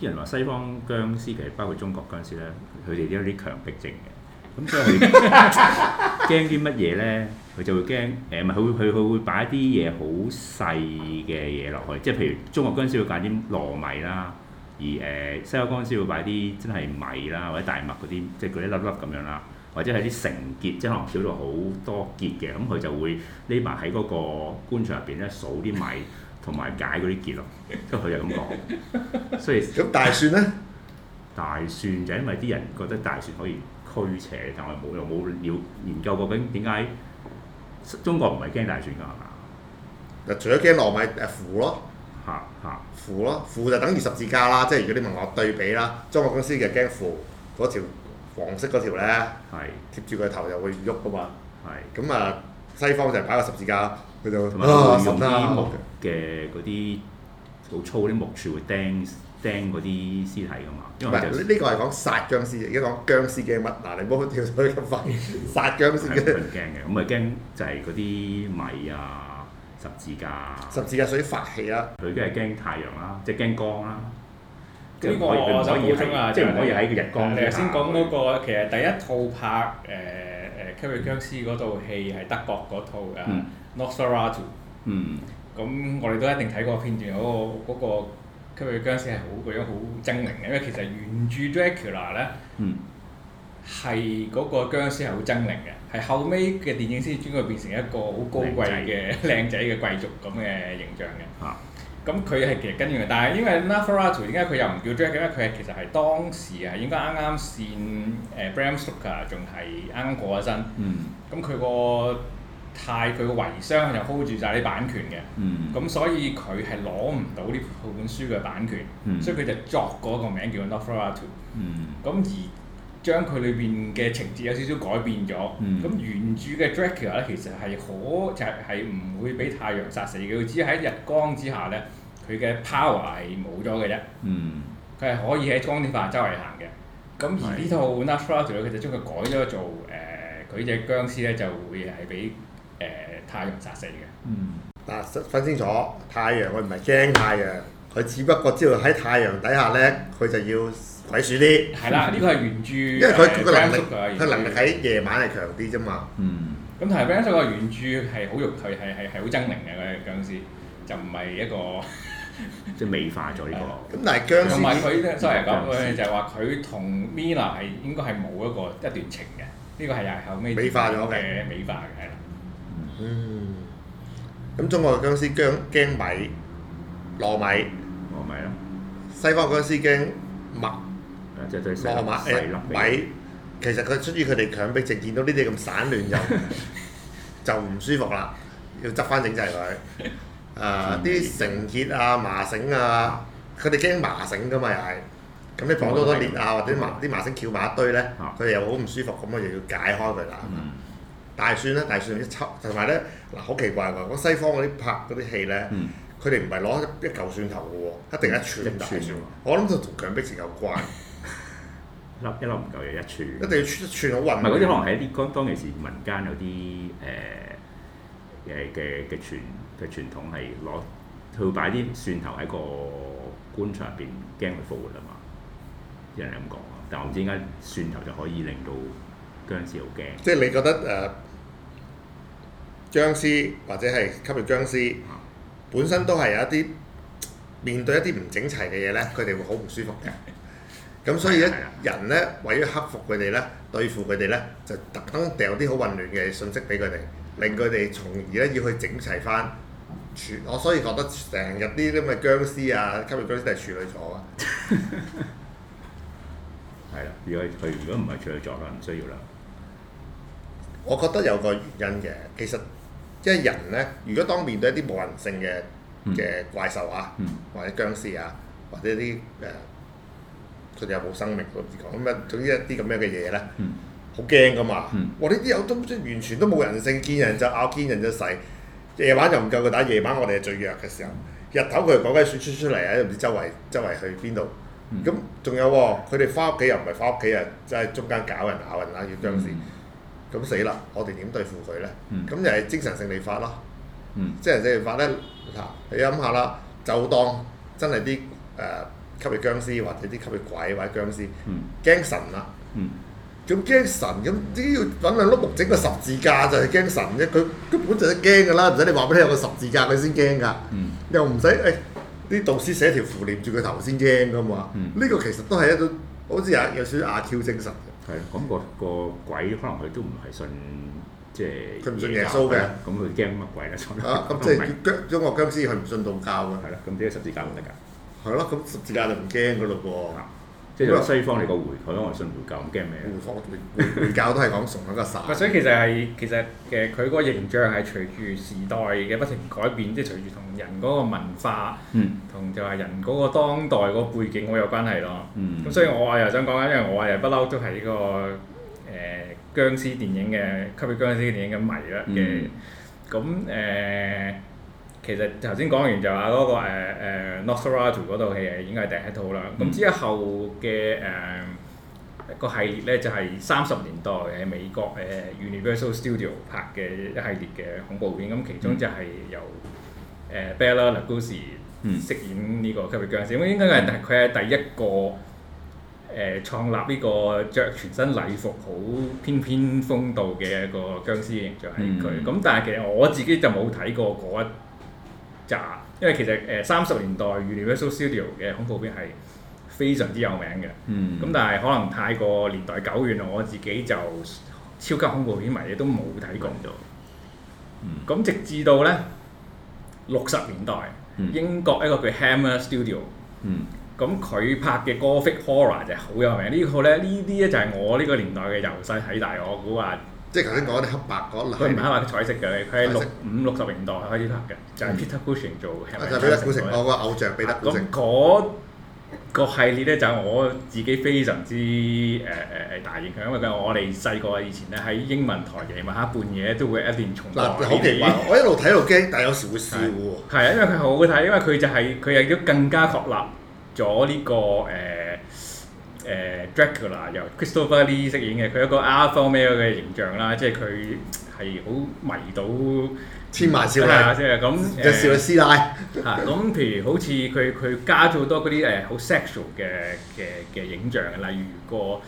啲人話西方僵屍其實包括中國僵屍咧，佢哋都有啲強迫症嘅。咁所以， <laughs> 驚啲乜嘢咧？佢就會驚誒，佢、呃、會佢佢會擺一啲嘢好細嘅嘢落去，即係譬如中國殭屍會擺啲糯米啦，而誒、呃、西歐殭屍會擺啲真係米啦或者大麥嗰啲，即係嗰啲粒粒咁樣啦，或者係啲成結，即係可能少到好多結嘅，咁、嗯、佢就會匿埋喺嗰個棺材入邊咧數啲米同埋解嗰啲結咯，佢就咁講。所以咁大蒜咧， <laughs> 大蒜就因為啲人覺得大蒜可以驅邪，但我冇又冇了研究究竟點解。中國唔係驚大蒜㗎係嘛？嗱，除咗驚糯米誒符咯，嚇嚇符咯，符就等於十字架啦，即係如果你問我對比啦，中國殭屍就驚符，嗰條黃色嗰條咧係貼住個頭又會喐㗎嘛，係咁啊，西方就係擺個十字架佢，就同埋用啲木嘅嗰啲好粗嗰啲木柱會釘。掟嗰啲屍體㗎嘛，因為呢、就係這個係講殺僵屍，而家講僵屍嘅物。嗱，你唔好跳水咁快，殺 <laughs> 僵屍嘅。係對人驚嘅，咁咪驚就係嗰啲米啊、十字架十字架屬於法器啦、啊。佢梗係驚太陽啦，即係驚光啦。即係我我我想補充啊，即係唔、啊、這個 可以喺日光你頭先講嗰、那個其實第一套拍誒誒《吸血殭屍》嗰套戲係德國嗰套嘅《Nosferatu》嗯。咁、嗯、我哋都一定睇過片段嗰個嗰個。那個那個佢嘅僵屍係好嗰樣好猙獰嘅，因為其實原著 Dracula 咧係嗰個殭屍係好猙獰嘅，係後尾嘅電影先至將佢變成一個好高貴嘅靚仔嘅貴族咁嘅形象嘅。嚇、啊！咁佢係其實跟住嘅，但係因為 Nosferatu，點解佢又唔叫 Dracula，佢係其實係當時係應該啱啱線誒、呃、Bram Stoker 仲係啱啱過咗身。嗯。咁佢個太佢嘅遺孀就 hold 住晒啲版權嘅，咁、嗯、所以佢係攞唔到呢套書嘅版權，嗯、所以佢就作嗰個名叫《Nosferatu》咁而將佢裏邊嘅情節有少少改變咗。咁、嗯、原著嘅 Dracula 咧其實係可就係、係、唔會俾太陽殺死嘅，佢只係喺日光之下咧，佢嘅 power 係冇咗嘅啫。佢係、嗯、可以喺光啲範圍周圍行嘅。咁而呢套 Not 的《Nosferatu》咧，佢就將佢改咗做誒，佢隻僵屍咧就會係俾。誒、呃、太陽殺死嘅，嗱、嗯啊、分清楚，太陽佢唔係驚太陽，佢只不過知道喺太陽底下咧，佢就要鬼鼠啲。係啦，呢個係原著。因為佢佢能力佢能力喺夜晚係強啲啫嘛。呃、嗯。咁但係嗰個原著係好肉係係係好猙獰嘅嗰隻殭屍，就唔係一個 <laughs> 即係美化咗呢、呃、個。咁但係僵屍。同埋佢 sorry 講，就係話佢同 Mina 係應該係冇一個一段情嘅，呢個係後後尾。美化咗嘅美化嘅。嗯，咁、mm. 中國嘅僵屍驚驚米、糯、eh, 米，糯米啦。西方僵屍驚麥，即係對細粒米。其實佢出於佢哋強迫症，見到呢啲咁散亂就就唔舒服啦，要執翻整齊佢。啊、呃，啲、呃、繩結啊、麻繩啊，佢哋驚麻繩噶嘛又係。咁你綁咗好多裂啊，啊或者麻啲麻繩翹埋一堆咧，佢哋又好唔舒服，咁我又要解開佢啦。大蒜啦，大蒜一抽，同埋咧嗱，好奇怪喎！講西方嗰啲拍嗰啲戲咧，佢哋唔係攞一嚿蒜頭嘅喎，一定一串大蒜。我諗就同殭屍有關。粒一粒唔夠嘢，一串。一定要一串好運。唔係嗰啲可能係啲江當其時民間有啲誒誒嘅嘅傳嘅傳統係攞，佢會擺啲蒜頭喺個棺材入邊，驚佢復活啊嘛！啲人咁講啊，但我唔知點解蒜頭就可以令到殭屍好驚。即係你覺得誒？僵屍，或者係吸血僵屍，本身都係有一啲面對一啲唔整齊嘅嘢的呢，佢哋會好唔舒服嘅。咁所以呢，人呢，為咗克服佢哋呢，對付佢哋呢，就特登掉啲好混亂嘅信息俾佢哋，令佢哋從而呢要去整齊翻。我所以覺得成日啲咁嘅僵屍啊、吸血僵屍都係處女座啊。係啦， <laughs> <laughs> 如果佢如果唔係處女座啦，唔需要啦。我覺得有個原因嘅，其實。即係人咧，如果當面對一啲冇人性嘅嘅怪獸啊，嗯嗯、或者僵屍啊，或者啲誒佢哋又冇生命嗰啲咁樣，總之一啲咁樣嘅嘢咧，好驚噶嘛！我呢啲有都完全都冇人性，見人就拗見人，人就洗。夜晚又唔夠佢打，夜晚我哋係最弱嘅時候。日頭佢哋趕鬼鼠出出嚟啊，又唔知周圍周圍去邊度。咁仲、嗯嗯、有喎，佢哋翻屋企又唔係翻屋企啊，即、就、係、是、中間搞人咬人啦，要僵屍。嗯咁死啦！我哋點對付佢咧？咁、嗯、就係精神勝利法咯。即係、嗯、精神勝利法咧，嗱，你諗下啦，就當真係啲誒吸血僵屍，或者啲吸血鬼或者僵屍，驚神啦、啊。咁驚、嗯、神咁，只要揾兩碌木整個十字架就係、是、驚神啫。佢根本就係驚㗎啦，唔使你話俾你有個十字架佢先驚㗎。嗯、又唔使誒啲道士寫條符黏住佢頭先驚㗎嘛。呢個、嗯嗯、其實都係一種好似有有少少阿 Q 精，精神。係咁，個個鬼可能佢都唔係信，即係佢唔信耶穌嘅，咁佢驚乜鬼咧？嚇，咁即係僵，中國殭屍佢唔信道教㗎。係啦、啊，咁啲十字架都得㗎。係咯，咁十字架就唔驚㗎嘞噃。啊啊啊即係西方你個回回，我係信回教，唔驚咩？回教都係講送一個傻。 <laughs> 所以其實係其實嘅佢個形象係隨住時代嘅不停改變，即係隨住同人嗰個文化，同、嗯、就係人嗰個當代嗰個背景好有關係咯。咁、嗯、所以我又想講緊，因為我又不嬲都係呢個誒殭、呃、屍電影嘅，吸血僵屍電影嘅迷啦嘅，咁誒、嗯。其實頭先講完就話嗰、那個誒、呃呃、Nosferatu 嗰套戲係已經係第一套啦。咁、嗯、之後嘅誒個系列咧就係三十年代喺美國誒、呃、Universal Studio 拍嘅一系列嘅恐怖片。咁其中就係由誒 Bela Lugosi、嗯呃、飾、嗯、演呢個吸血僵屍。咁應該係佢係第一個誒、呃、創立呢個着全身禮服好翩翩風度嘅一個僵屍形象係佢。咁、就是嗯、但係其實我自己就冇睇過嗰一。渣，因為其實誒三十年代 Universal Studio 嘅恐怖片係非常之有名嘅。嗯、mm。咁、hmm. 但係可能太過年代久遠啦，我自己就超級恐怖片迷嘢都冇睇過。嗯、mm。咁、hmm. 直至到咧六十年代，mm hmm. 英國一個叫 Hammer Studio、mm。嗯。咁佢拍嘅 Gothic horror 就係好有名。這個、呢套咧呢啲咧就係我呢個年代嘅由細睇大我估個。即係頭先講啲黑白嗰類，佢唔係黑白嘅，彩色嘅，佢喺六五六十年代開始拍嘅，就係 Peter Cushing 做嘅。啊，就彼我個偶像 Peter Cushing。咁嗰個系列咧，就我自己非常之誒誒誒大影響，因為我哋細個以前咧喺英文台夜晚黑半夜都會一連重播。我一路睇一路驚，但係有時會笑喎。係啊，因為佢好好睇，因為佢就係佢係都更加確立咗呢個誒。誒 Dracula 由 Christopher Lee 飾演嘅，佢一個 a 洲咩嘅形象啦，即係佢係好迷倒千萬少女，即係咁有少少師奶嚇。咁譬如好似佢佢加咗好多嗰啲誒好 sexual 嘅嘅嘅影像嘅，例如個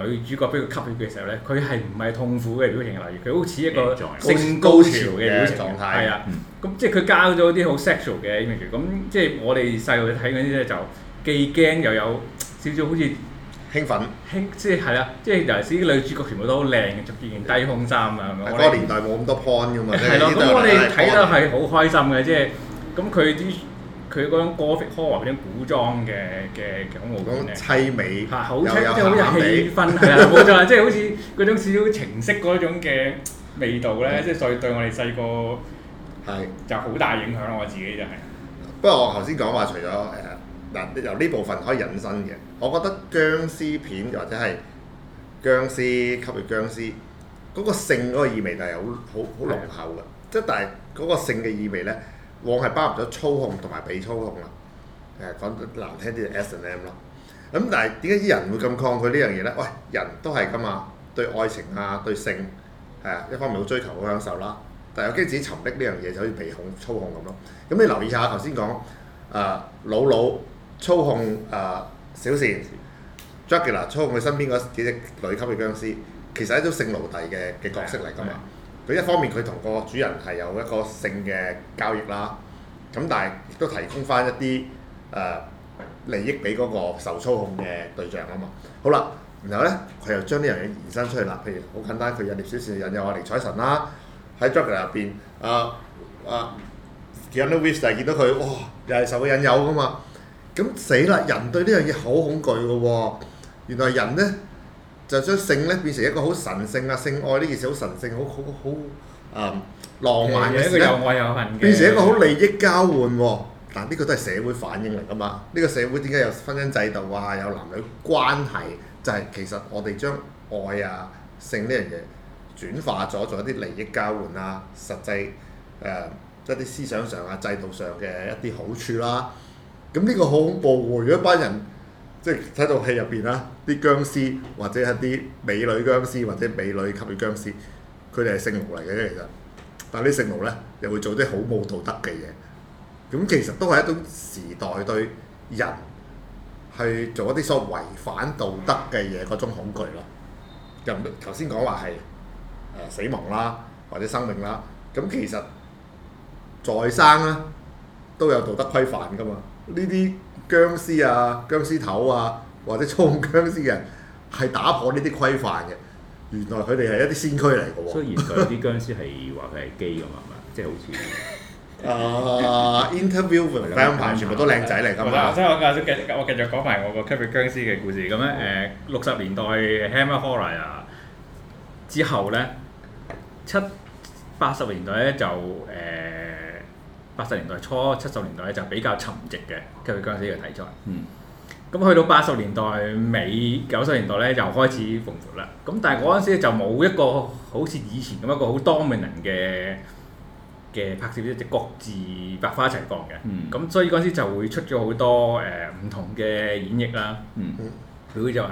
女主角俾佢吸血嘅時候咧，佢係唔係痛苦嘅表情？例如佢好似一個性高潮嘅狀態，係啊，咁即係佢加咗啲好 sexual 嘅 i m，咁即係我哋細個睇嗰啲咧，就既驚又有少少好似。興奮，興即係啦，即係尤其是啲女主角全部都好靚嘅，著住件低胸衫啊，咁樣。係嗰個年代冇咁多 porn 㗎嘛。係咯，咁我哋睇得係好開心嘅，即係咁佢啲佢嗰種歌劇、古裝嘅嘅歌舞咁樣。嗰種悽美。好即係好有氣氛，係啦，冇錯即係好似嗰種少少情色嗰種嘅味道咧，即係所以對我哋細個係就好大影響，我自己就係。不過我頭先講話，除咗。嗱，由呢部分可以引申嘅，我覺得僵屍片或者係僵屍級別僵屍，嗰個性嗰個意味就係好好好濃厚嘅，即係但係嗰個性嘅意味咧，往係包含咗操控同埋被操控啦。誒，講得難聽啲就 S&M 咯。咁但係點解啲人會咁抗拒呢樣嘢咧？喂，人都係噶嘛，對愛情啊，對性係啊，一方面好追求好享受啦，但係我驚自己沉溺呢樣嘢就好似被控操控咁咯。咁你留意下頭先講啊，老老。操控誒小倩，Dracula 操控佢身邊嗰幾隻女級嘅殭屍，其實係一種性奴隸嘅嘅角色嚟㗎嘛。佢一方面佢同個主人係有一個性嘅交易啦，咁但係亦都提供翻一啲誒利益俾嗰個受操控嘅對象啊嘛。好啦，然後咧佢又將呢樣嘢延伸出去啦，譬如好簡單，佢引誘小倩，引誘阿寧采臣啦，喺 Dracula 入邊，啊啊，Jennifer West 見到佢，哇，又係受佢引誘㗎嘛。咁死啦！人對呢樣嘢好恐懼嘅喎、哦，原來人呢，就將性咧變成一個好神聖啊，性愛呢件事好神聖，好好好浪漫嘅。一個有愛變成一個好利益交換喎、哦。但呢個都係社會反應嚟噶嘛？呢、這個社會點解有婚姻制度啊？有男女關係就係、是、其實我哋將愛啊、性呢樣嘢轉化咗做一啲利益交換啊，實際誒、呃就是、一啲思想上啊、制度上嘅一啲好處啦、啊。咁呢個好恐怖喎！如果班人即係喺部戲入邊啦，啲殭屍或者係啲美女殭屍或者美女吸血殭屍，佢哋係性奴嚟嘅，其實，但係啲性奴咧又會做啲好冇道德嘅嘢。咁其實都係一種時代對人去做一啲所謂違反道德嘅嘢嗰種恐懼咯。就頭先講話係誒死亡啦，或者生命啦，咁其實在生咧都有道德規範㗎嘛。呢啲僵屍啊、僵屍頭啊，或者充僵屍嘅人係打破呢啲規範嘅。原來佢哋係一啲先驅嚟嘅喎。雖然佢啲僵屍係話佢係基㗎嘛，即係好似啊，Interview with the Vampire，全部都靚仔嚟㗎我咁啊，先講緊，先繼續講埋我個僵屍嘅故事。咁、嗯、咧，誒、呃，六十年代 Hammer Horror 啊，之後咧，七八十年代咧就誒。呃八十年代初、七十年代咧就比較沉寂嘅，跟住嗰時嘅題材。Um, 嗯，咁去到八十年代尾、九十年代咧又開始蓬勃啦。咁但係嗰陣時就冇一個好似以前咁一個好 dominant 嘅嘅拍攝，即係各自百花齊放嘅。咁、嗯嗯、所以嗰陣時就會出咗好多誒唔同嘅演繹啦。佢就係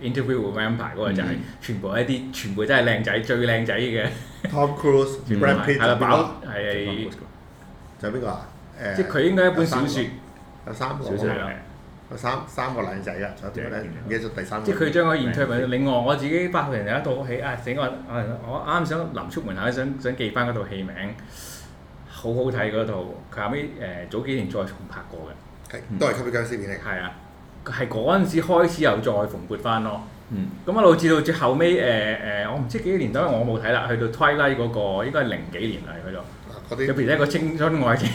誒 interview with the Vampire 嗰個就係、是、全部係一啲全部真係靚仔最靚仔嘅。Tom Cruise，Brad Pitt，係啦，係。有邊個啊？誒、呃，即係佢應該一本小説，有三個，小説說啊，有好三三個靚仔啊，所以點解咧？的第三個。即係佢將個延退埋，另外我自己八個人有一套戲啊，整個字我啱想臨出門口想想，想記翻嗰套戲名，好好睇嗰套。佢、嗯、後尾誒、呃、早幾年再重拍過嘅，都係吸啲僵屍片力。係啊，係嗰陣時開始又再蓬勃翻咯。咁、嗯、啊，導致到至後尾，誒、呃、誒，我、呃、唔、呃呃、知幾年，因為我冇睇啦，去到 Twilight 嗰、那個應該係零幾年嚟。去有譬如一個青春愛情、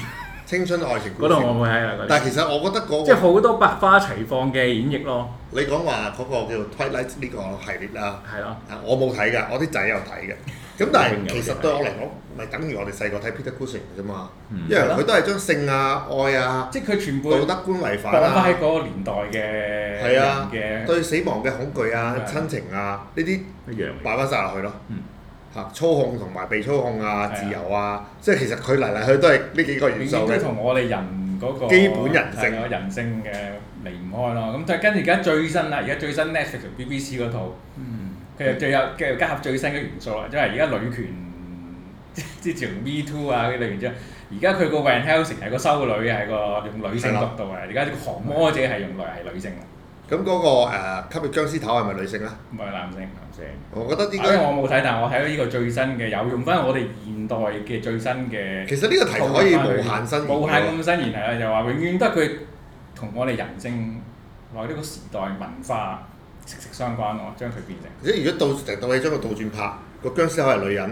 青春愛情？嗰度我冇睇啊！但係其實我覺得即係好多百花齊放嘅演繹咯。你講話嗰個叫《Twilight》呢個系列啦，係咯？我冇睇㗎，我啲仔有睇嘅。咁但係其實對我嚟講，咪等於我哋細個睇《Peter Cushing》㗎啫嘛。因為佢都係將性啊、愛啊、道德觀違反啦。擺翻喺嗰個年代嘅嘅對死亡嘅恐懼啊、親情啊呢啲一樣擺翻晒落去咯。.操控同埋被操控啊，的自由啊，即係其實佢嚟嚟去都係呢幾個元素即嘅。同我哋人嗰個基本人性，啊， <music> 人，那個、 <music> 人性嘅離唔開咯。咁但係跟住而家最新啦，而家最新 Netflix、BBC 嗰套，佢又又有結合最新嘅元素啦。因為而家女權即即係從 Me Too 啊嗰啲文章，而家佢個 Van Helsing 係個修女，係個用女性角度嚟。而家呢個邪魔者係用女係 <music> 女性嘅。咁嗰個吸血僵屍頭係咪女性咧？唔係男性，男性。我覺得呢個，我冇睇，但係我睇到呢個最新嘅有用翻我哋現代嘅最新嘅。其實呢個題目可以無限新無限咁新，然後咧就話永遠得佢同我哋人性內呢個時代文化息息相關，我將佢變成。即如果到成套戲將個倒轉拍，個僵屍頭係女人，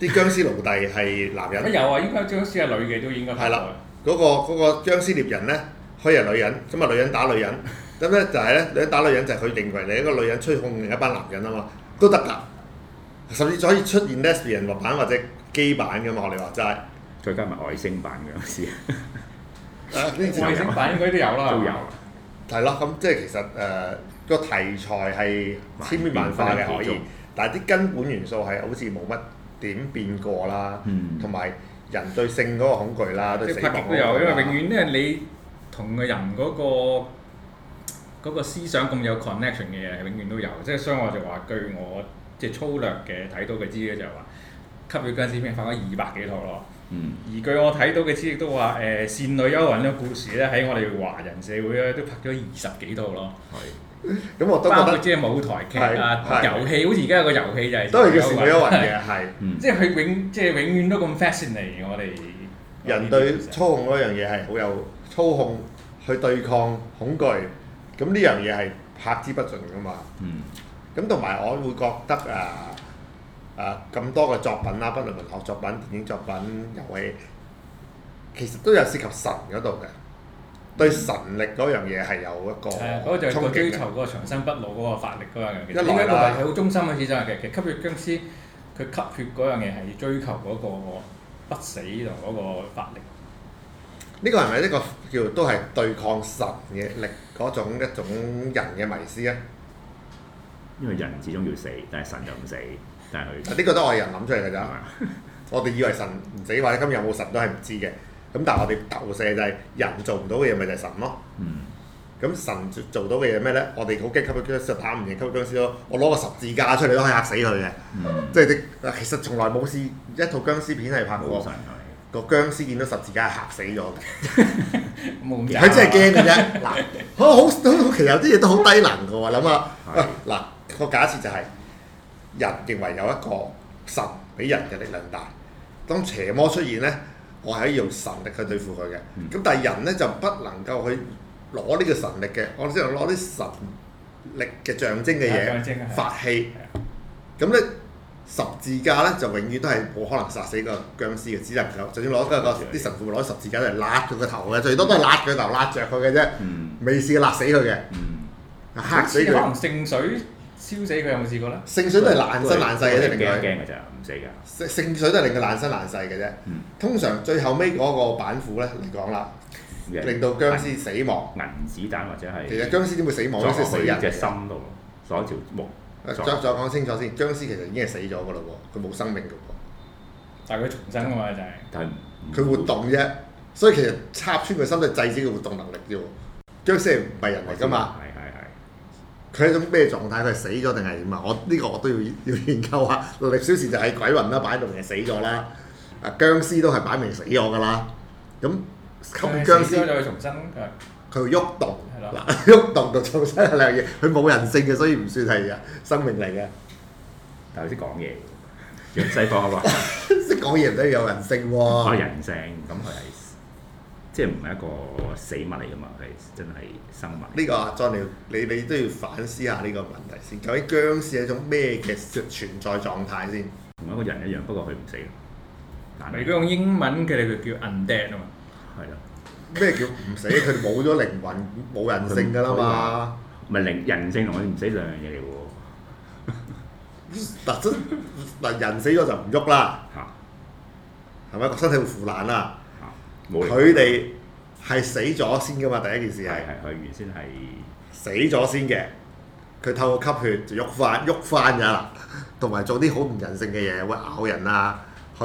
啲僵屍奴隸係男人。有啊，應該僵屍係女嘅都應該。係啦，嗰個嗰個殭屍獵人咧，可以係女人，咁啊女人打女人。咁咧就係咧，你打女人就係佢認為你一個女人操控另一班男人啊嘛，都得噶，甚至可以出現 Lesbian 版或者 gay 版咁嘛。我哋話齋，再加埋外星版嘅有冇試外星版應該都有啦，都、 <laughs> 呃、 <laughs> 有，係咯。咁即係其實誒個題材係千變萬化嘅可以，但係啲根本元素係好似冇乜點變過啦，同埋、嗯、人對性嗰個恐懼啦，對性嘅恐懼都有，因為永遠咧你同個 <laughs> 人嗰個，那個。嗰個思想咁有 connection 嘅嘢，永遠都有。即係所以我就話據我即係粗略嘅睇到嘅資料，就係話《吸血僵屍片》拍咗二百幾套咯。嗯、而據我睇到嘅資料都話誒《倩女幽魂》嘅故事咧，喺我哋華人社會咧都拍咗二十幾套咯。係、嗯。咁我都包括即係舞台劇、嗯、啊，遊戲好似而家有個遊戲就係都係叫《倩女幽魂》嘅，係、 <laughs> 嗯。即係佢永即係永遠都咁 fascinating，我哋、嗯、人對操控嗰樣嘢係好有操控去對抗恐懼。咁呢樣嘢係拍之不盡㗎嘛？咁同埋我會覺得啊啊咁多嘅作品啦，不論文學作品、電影作品、遊戲，其實都有涉及神嗰度嘅，嗯、對神力嗰樣嘢係有一個衝擊嘅。就係追求嗰個長生不老嗰個法力嗰樣嘢。一老一死係好中心嘅設計嘅。其實吸血僵屍，佢吸血嗰樣嘢係追求嗰個不死依度嗰個法力。呢個係咪呢個叫都係對抗神嘅力嗰種一種人嘅迷思啊？因為人始終要死，但係神就唔死，但係佢呢個都係人諗出嚟㗎啫。 <laughs> 我哋以為神唔死，或者今日有冇神都係唔知嘅。咁但係我哋投射就係人做唔到嘅嘢，咪就係神咯。咁神做到嘅嘢咩咧？我哋好驚吸血殭屍，實打唔贏吸血殭屍咯。我攞個十字架出嚟都可以嚇死佢嘅。嗯、即係其實從來冇試一套僵屍片係拍過。嗯嗯個僵屍見到十字架嚇死咗，佢 <laughs> 真係驚嘅啫。嗱， <laughs> 好好好，其實，有啲嘢都好低能嘅喎。諗下嗱，個的假設就係人認為有一個神比人嘅力量大，當邪魔出現咧，我係可以用神力去對付佢嘅。咁、嗯、但係人咧就不能夠去攞呢個神力嘅，我哋只能攞啲神力嘅象徵嘅嘢，法器。咁咧。十字架咧就永遠都係冇可能殺死個僵屍嘅，只能夠，就算攞嗰個啲神父攞十字架都係揦佢個頭嘅，最多都係揦佢個頭揦著佢嘅啫，未試過揦死佢嘅。嚇死佢！可能聖水燒死佢，有冇試過咧？聖水都係爛身爛世嘅啫，驚唔驚㗎就唔死嘅。聖水都係令佢爛身爛世嘅啫。通常最後尾嗰個板斧咧嚟講啦，令到僵屍死亡，銀子彈或者係，其實僵屍點會死亡死人，佢隻心度，在條木。再再講清楚先，殭屍其實已經係死咗嘅咯喎，佢冇生命嘅喎。但係佢重生嘅嘛、就係，就係。但係佢活動啫，所以其實插穿佢心都制止佢活動能力啫喎。殭屍唔係人嚟㗎嘛。係係係。佢係一種咩狀態？佢係死咗定係點啊？我呢個我都要要研究下。歷力小事就係鬼魂啦，擺明係死咗啦。啊，殭屍都係擺明死咗㗎啦。咁殭屍。屍再重生佢。佢喐動，動。嗱，喐動就做曬兩樣嘢，佢冇人性嘅，所以唔算係啊生命嚟嘅。但係佢識講嘢，西方話啊嘛，識講嘢唔使有人性喎。啊，人性咁佢係即係唔係一個死物嚟噶嘛？佢真係生物。呢個再你你都要反思下呢個問題先。究竟殭屍係一種咩嘅存在狀態先？同一個人一樣，不過佢唔死。你講英文，佢哋佢叫 undead 啊嘛，係啦。咩叫唔死？佢冇咗靈魂、冇人性噶啦嘛？唔係靈人性我哋唔死兩樣嘢嚟喎。嗱，真嗱人死咗就唔喐啦。嚇哈，係咪個身體會腐爛啊？佢哋係死咗先噶嘛？第一件事係。係係，佢原先係死咗先嘅。佢透過吸血就喐翻、喐翻噶啦，同埋做啲好唔人性嘅嘢，會咬人啊，去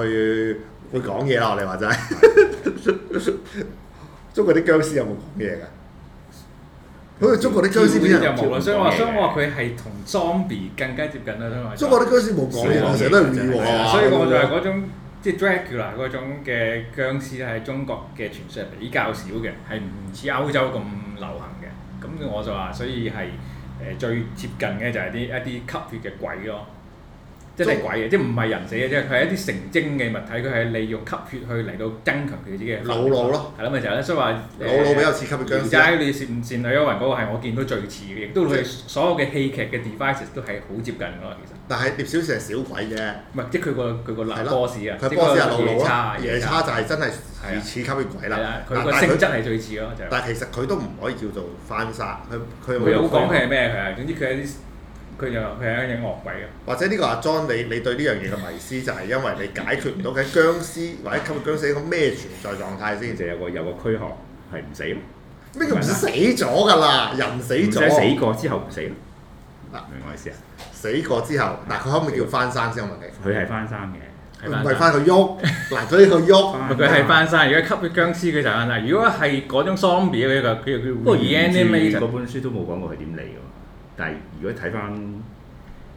會講嘢啦。我哋話真係。 <laughs> <laughs> 中國啲僵屍有冇講嘢㗎？好似中國啲僵屍本身就冇啊！所以我話，所以我話佢係同 zombie 更加接近啊！因為中國啲僵屍冇講嘢，我成日都唔知。所以我就係嗰種即係 Dracula 嗰種嘅殭屍，喺中國嘅傳說係比較少嘅，係唔似歐洲咁流行嘅。咁我就話，所以係誒、呃、最接近嘅就係啲一啲吸血嘅鬼咯。即係鬼嘅，即係唔係人死嘅，即佢係一啲成精嘅物體，佢係利用吸血去嚟到增強佢自己嘅姥姥咯。係咯，咪就係咯，所以話姥姥比較似吸血鬼。條街裏倩女幽魂嗰個係我見到最似嘅，亦都係所有嘅戲劇嘅 device 都係好接近嘅。其實，但係聶小倩係小鬼啫。唔係，即係佢、嗰個佢個男 boss 啊，佢 boss 係姥姥咯。夜叉夜叉，夜叉就係真係似似吸血鬼啦。佢個性質係最似咯、就係。但係其實佢都唔可以叫做犯殺，佢佢冇有。唔好講佢係咩，佢係、啊、總之佢係啲。佢就佢係一隻惡鬼嘅，或者呢個阿 John，你你對呢樣嘢嘅迷思就係因為你解決唔到嘅「僵屍或者吸血僵屍一個咩存在狀態先，就有個有個軀殼係唔死咯。咩叫唔死死咗噶啦，人死咗。死過之後唔死咯。嗱，明我意思啊？死過之後，但佢可唔可以叫翻生先？我問你，佢係翻生嘅，唔係翻去喐。嗱，佢呢個喐，佢係翻生。如果吸血僵屍佢就翻生。如果係嗰種 zombie 咧，佢佢佢。不過 Enderman 本書都冇講過佢點嚟嘅。但係如果睇翻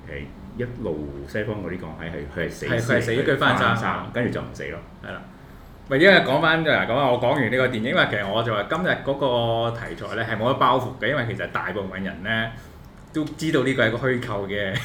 誒一路西方嗰啲講係係佢係死死翻生，跟住就唔死咯，係啦。喂，因為講翻嚟講啊，嗯、Sharing，我講完呢個電影，因為其實我就話今日嗰個題材咧係冇得包袱嘅，因為其實大部分人咧都知道呢個係一個虛構嘅。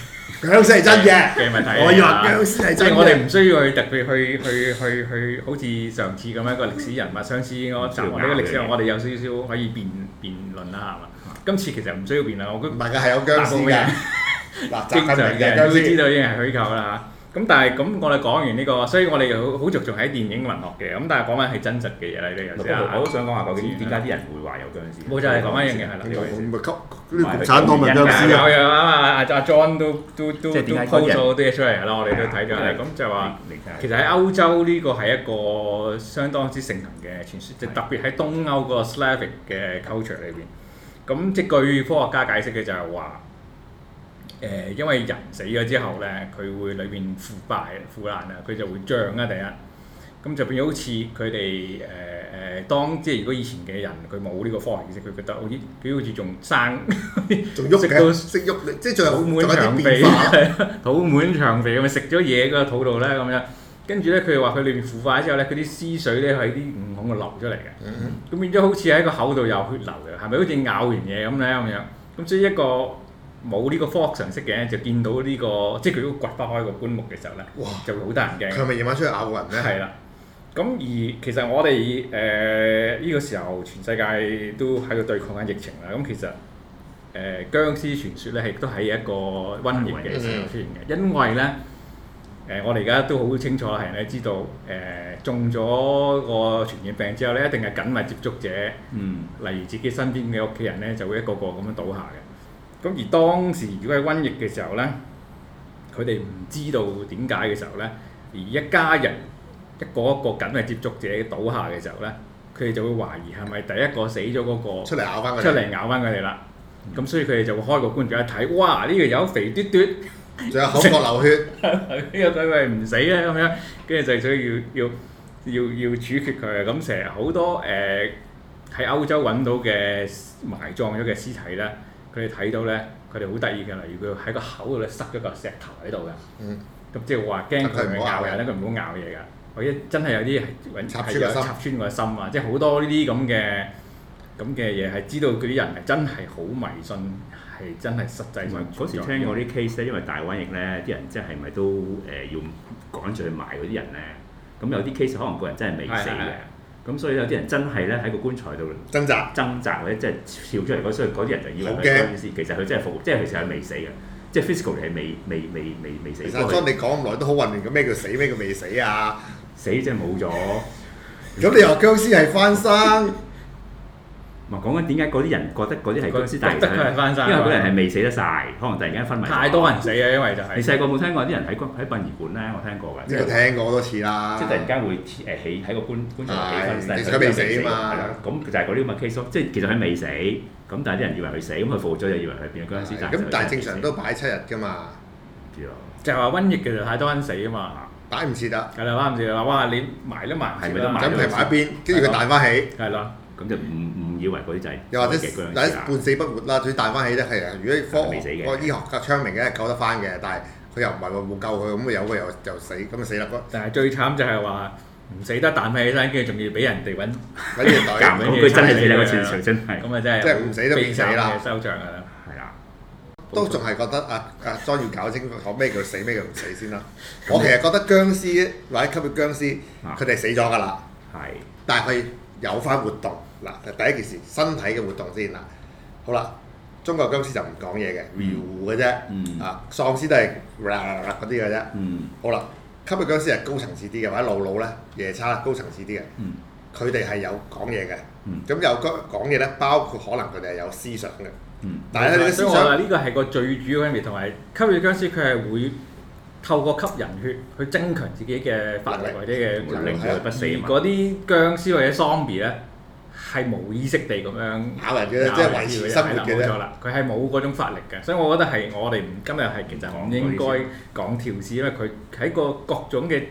殭屍係真嘅 <laughs> 題， <laughs> 我以為話殭屍係真嘅，即係我哋唔需要去特別去去去去，去，去，去，去好似上次咁樣一個歷史人物，相似我查呢啲歷史，人我哋有少少可以辯辯論啦，係嘛？今次其實唔需要辯論，我覺得大家係有殭屍嘅，嗱，經常嘅，大家都知道已經係虛構啦嚇。咁但係咁，我哋講完呢個，所以我哋好着重喺電影文學嘅。咁但係講緊係真實嘅嘢咧，呢樣先嚇。我都想講下究竟，點解啲人會話有殭屍？我就係講翻呢樣嘢，係啦。呢個唔係吸，呢個產生過殭屍啊！有有啊！阿阿 John 都都都都 po 咗啲嘢出嚟啦，我哋都睇咗啦。咁就話，其實喺歐洲呢個係一個相當之盛行嘅傳說，就特別喺東歐嗰個 Slavic 嘅 culture 裏邊。咁即係據科學家解釋嘅就係話，誒、呃，因為人死咗之後咧，佢會裏邊腐敗腐爛啊，佢就會脹啊，第一，咁就變咗好似佢哋誒誒，當即係如果以前嘅人佢冇呢個科學意識，佢覺得好似佢好似仲生仲喐食到，識喐，即係仲有啲變化，肚滿腸肥，咪食咗嘢個肚度咧，咁樣。跟住咧，佢哋話佢裏面腐化之後咧，佢啲屍水咧喺啲五孔度流出嚟嘅，咁、mm hmm. 變咗好似喺個口度有血流嘅，係咪好似咬完嘢咁咧咁樣？咁、mm hmm. 嗯嗯、所以一個冇呢個科學常識嘅就見到呢、呢個，即係佢都掘返開個棺木嘅時候咧，哇，就會好得人驚。佢咪夜晚出去咬人咧？係啦。 <laughs> 咁、嗯、而其實我哋誒呢個時候全世界都喺度對抗緊疫情啦。咁其實誒殭、呃、屍傳說咧係都喺一個瘟疫嘅時候出現嘅，因為咧。誒，我哋而家都好清楚，係你知道，誒，中咗個傳染病之後咧，一定係緊密接觸者，嗯，例如自己身邊嘅屋企人咧，就會一個個咁樣倒下嘅。咁而當時如果係瘟疫嘅時候咧，佢哋唔知道點解嘅時候咧，而一家人一個一個緊密接觸者倒下嘅時候咧，佢哋就會懷疑係咪第一個死咗嗰個出嚟咬翻佢，出嚟咬翻佢哋啦。咁所以佢哋就會開個棺材一睇，哇！呢個友肥嘟嘟。仲有口角流血， <laughs> 呢個鬼鬼唔死啊！咁樣，跟住就所以要要要要處決佢啊！咁成日好多誒喺、呃、歐洲揾到嘅埋葬咗嘅屍體咧，佢哋睇到咧，佢哋好得意嘅，例如佢喺個口度塞咗個石頭喺度嘅。咁即係話驚佢唔咬人咧，佢唔好咬嘢㗎。或者真係有啲揾插穿個心，插穿個心啊！即係好多呢啲咁嘅咁嘅嘢，係知道嗰啲人係真係好迷信，係真係實際上，嗰、嗯、時聽過啲 case 咧，因為大瘟疫咧，啲人即係咪都誒、呃、要趕住去埋嗰啲人咧？咁有啲 case 可能個人真係未死嘅，咁、嗯、所以有啲人真係咧喺個棺材度掙扎掙扎咧，即係跳出嚟嗰，所以啲人就以為佢關公其實佢真係服，即係其實係未死嘅，即係 physical 嚟係未未未未未，未死。其實當你講咁耐都好混亂，咁咩叫死？咩叫未死啊？死即係冇咗。咁你又殭屍係翻生。唔係講緊點解嗰啲人覺得嗰啲係殭屍帶走，因為嗰人係未死得晒，可能突然間昏迷。太多人死啊，因為就係你細個冇聽過啲人喺棺喺殯儀館咧，我聽過㗎。呢個聽過好多次啦。即係突然間會誒起喺個棺棺材起翻身，佢未死啊嘛？係啦，咁就係嗰啲咁嘅 case 咯。即係其實佢未死，咁但係啲人以為佢死，咁佢腐咗又以為係變咗殭屍帶走。咁但係正常都擺七日㗎嘛？唔知啊。就係話瘟疫其實，太多人死啊嘛。擺唔切得。係啦，擺唔切啦。哇！你埋都埋，係咪得埋？咁係埋一邊，跟住佢彈翻起。係啦。咁就唔唔以為嗰仔又或者嗱，半死不活啦，仲大彈翻起咧係啊！如果科，我醫學夠昌明嘅，救得翻嘅，但係佢又唔係話冇救佢，咁咪有個又又死，咁咪死甩骨。但係最慘就係話唔死得彈起身，跟住仲要俾人哋揾揾條袋揀。咁佢真係死啦！前全真係。咁咪真係即係唔死都變死啦，收場啦，係啦。都仲係覺得啊啊，都要搞清楚咩叫死，咩叫唔死先啦。我其實覺得僵屍，或者吸血僵屍，佢哋死咗噶啦。係，但係。有翻活動嗱，第一件事身體嘅活動先嗱。好啦，中國僵屍就唔講嘢嘅，喵嘅啫。啊、嗯，喪屍都係嗱嗱嗱嗰啲嘅啫。嗯、好啦，吸血僵屍係高層次啲嘅，或者露露咧、夜叉啦，高層次啲嘅。嗯，佢哋係有講嘢嘅。咁、嗯、有講講嘢咧，包括可能佢哋係有思想嘅。嗯，但係咧，所以我呢個係個最主要嘅同埋吸血僵屍佢係會透過吸人血去增強自己嘅法力或者嘅令佢不死，嗰啲殭屍或者喪屍咧係無意識地咁樣咬人嘅，即係維持生命嘅。冇錯啦，佢係冇嗰種法力嘅，所以我覺得係我哋唔今日係其實唔應該講條屍，因為佢喺個各種嘅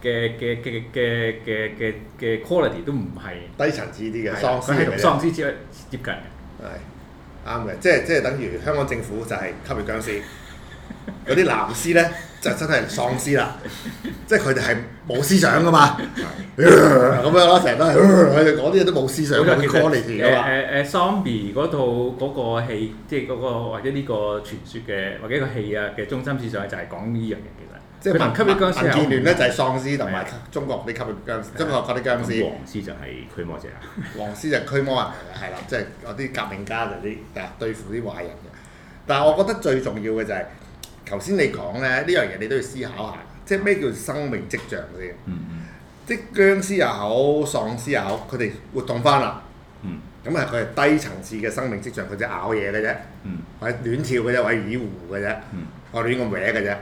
嘅嘅嘅嘅嘅嘅 quality 都唔係低層次啲嘅，佢係同喪屍接接近嘅。係啱嘅，即係即係等於香港政府就係吸血殭屍，嗰啲藍屍咧。就真係喪屍啦！即係佢哋係冇思想噶嘛，咁樣咯，成日都係佢哋講啲嘢都冇思想，冇 concept 嘅嘛。誒誒，Zombie 嗰套嗰個戲，即係嗰個或者呢個傳説嘅或者一個戲啊嘅中心思想就係講呢樣嘢其實。即係文級別殭屍啊！文戰咧就係喪屍同埋中國嗰啲級別殭屍，中國嗰啲殭屍。黃屍就係驅魔者啊！黃屍就係驅魔人嚟係啦，即係嗰啲革命家嗰啲啊，對付啲壞人嘅。但係我覺得最重要嘅就係。頭先你講咧呢樣嘢，你都要思考下，即係咩叫生命跡象先？嗯嗯、即係殭屍又好，喪屍又好，佢哋活動翻啦。咁啊、嗯，佢係低層次嘅生命跡象，佢只咬嘢嘅啫，或者、嗯、亂跳嘅啫，或者耳狐嘅啫，或者亂咁搲嘅啫。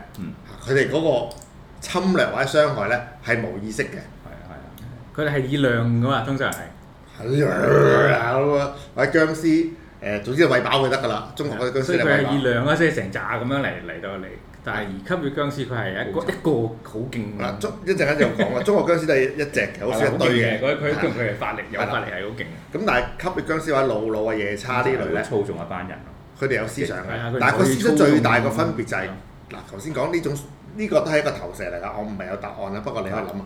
佢哋嗰個侵略或者傷害咧係冇意識嘅。係啊係啊。佢哋係以量㗎嘛，通常係。係 <laughs> 或者殭屍。誒，總之就餵飽佢得㗎啦。中國嘅殭屍係點啊？以佢係以量嗰成扎咁樣嚟嚟到嚟，但係而吸血僵屍，佢係一一個好勁。嗱，中一陣間就講啦，中國僵屍都係一隻嘅，好少一堆嘅。佢佢同佢哋發力有發力係好勁。咁但係吸血殭屍或者魯魯啊、夜叉呢類咧，操縱一班人，佢哋有思想嘅。但係佢思想最大嘅分別就係嗱，頭先講呢種呢個都係一個投射嚟㗎。我唔係有答案啦，不過你可以諗啊。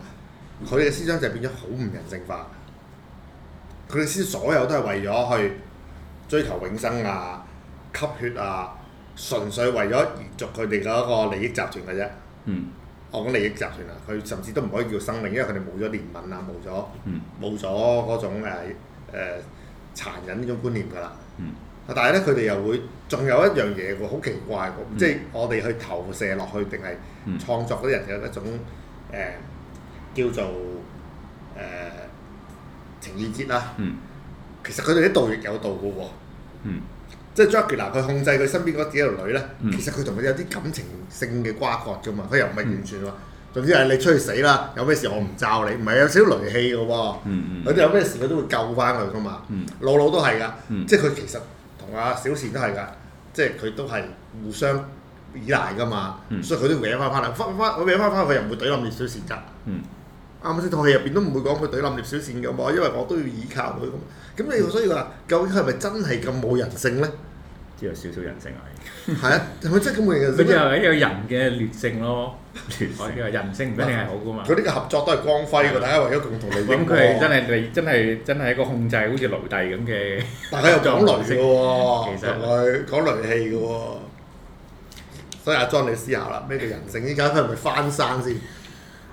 佢嘅思想就變咗好唔人性化，佢哋先所有都係為咗去。追求永生啊，吸血啊，純粹為咗延續佢哋嗰個利益集團嘅啫。嗯，我講利益集團啊，佢甚至都唔可以叫生命，因為佢哋冇咗憐憫啊，冇咗，冇咗嗰種誒誒殘忍呢種觀念㗎啦。嗯、但係咧，佢哋又會，仲有一樣嘢喎，好奇怪喎，嗯、即係我哋去投射落去定係創作嗰啲人有一種誒、呃、叫做誒、呃呃、情意節啊。嗯。其實佢哋啲道亦有道嘅喎，嗯，即係 Jackie 嗱，佢控制佢身邊嗰幾個女咧，み 其實佢同佢有啲感情性嘅瓜葛啫嘛，佢又唔係完全喎，總之係你出去死啦，有咩事我唔罩你，唔係有少少雷氣嘅喎，嗯嗯，佢哋有咩事佢都會救翻佢噶嘛，姥姥都係噶，即係佢其實同阿小倩都係噶，即係佢都係互相依賴噶嘛，嗯、所以佢都搲翻翻嚟，翻翻佢搲翻翻佢又唔會懟冧葉小倩，嗯，啱啱先，套戲入邊都唔會講佢懟冧葉小倩嘅嘛，因為我都要依靠佢咁。咁你、 <music> 嗯、所以話，究竟係咪真係咁冇人性咧？只有少少人性喺，係啊，係咪 <laughs> 真咁冇人性？佢就係一個人嘅劣性咯，佢話 <laughs> 性人性唔一定係好噶嘛。佢呢個合作都係光輝喎， <laughs> 的大家為咗共同利益。咁佢係真係你 <laughs> 真係真係一個控制，好似奴隸咁嘅。但係佢又講雷嘅喎，同佢講雷氣嘅喎。所以阿莊，你試下啦，咩叫人性？依家佢下係咪翻生先？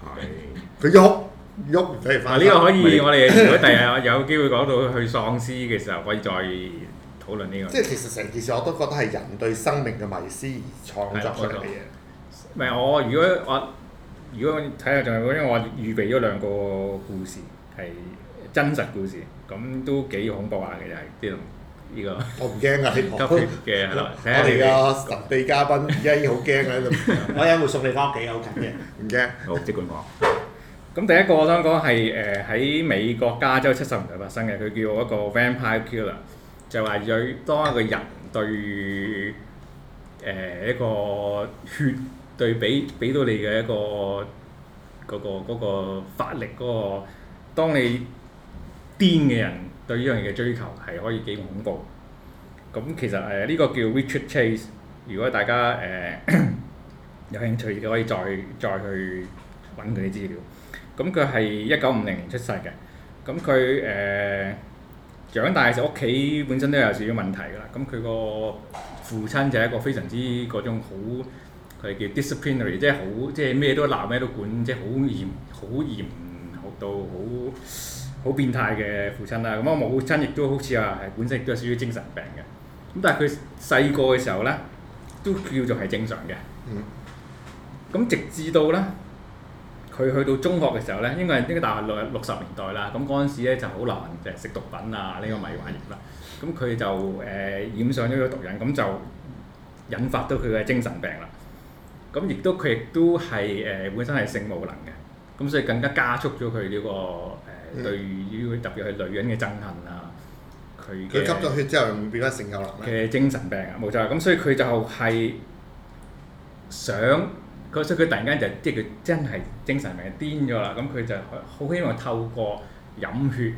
係， <laughs> <laughs> 繼續。喐唔使翻生。啊，呢個可以，我哋如果第日有機會講到去喪屍嘅時候，可以再討論呢個。即係其實成件事我都覺得係人對生命嘅迷思而創作出嚟嘅嘢。唔係我如果我如果睇下仲有，因為我預備咗兩個故事係真實故事，咁都幾恐怖下嘅，就係啲呢個。我唔驚危機嘅，係咪？我哋嘅神秘嘉賓，而家已經好驚啦！我有會送你翻屋企嘅，好近嘅。唔驚，好即管講。咁第一個我想講係誒喺美國加州七十年代發生嘅，佢叫一個 Vampire Killer，就話有當一個人對誒、呃、一個血對比俾到你嘅一個嗰個嗰個法力嗰個，當你癲嘅人對呢樣嘢嘅追求係可以幾恐怖。咁其實誒呢、呃、個叫 Richard Chase，如果大家誒、呃、 <coughs> 有興趣，可以再再去揾佢啲資料。咁佢係一九五零年出世嘅，咁佢誒長大嘅時候屋企本身都有少少問題㗎啦。咁佢個父親就係一個非常之嗰種好，佢叫 disciplinary，即係好，即係咩都鬧咩都管，即係好嚴，好嚴，學到好好變態嘅父親啦。咁我母親亦都好似話係本身亦都係屬於精神病嘅。咁但係佢細個嘅時候咧，都叫做係正常嘅。嗯。咁直至到咧。佢去到中學嘅時候咧，應該係大學六六十年代啦，咁嗰陣時咧就好流行誒食毒品啊，呢、這個迷幻藥啦，咁佢就誒、呃、染上咗個毒癮，咁就引發到佢嘅精神病啦。咁亦都佢亦都係誒本身係性無能嘅，咁所以更加加速咗佢呢個誒、呃嗯、對於特別係女人嘅憎恨啊，佢佢吸咗血之後會變得性有能嘅精神病啊，冇錯罪，咁所以佢就係想。佢佢突然間就即係佢真係精神病癲咗啦，咁佢就好希望透過飲血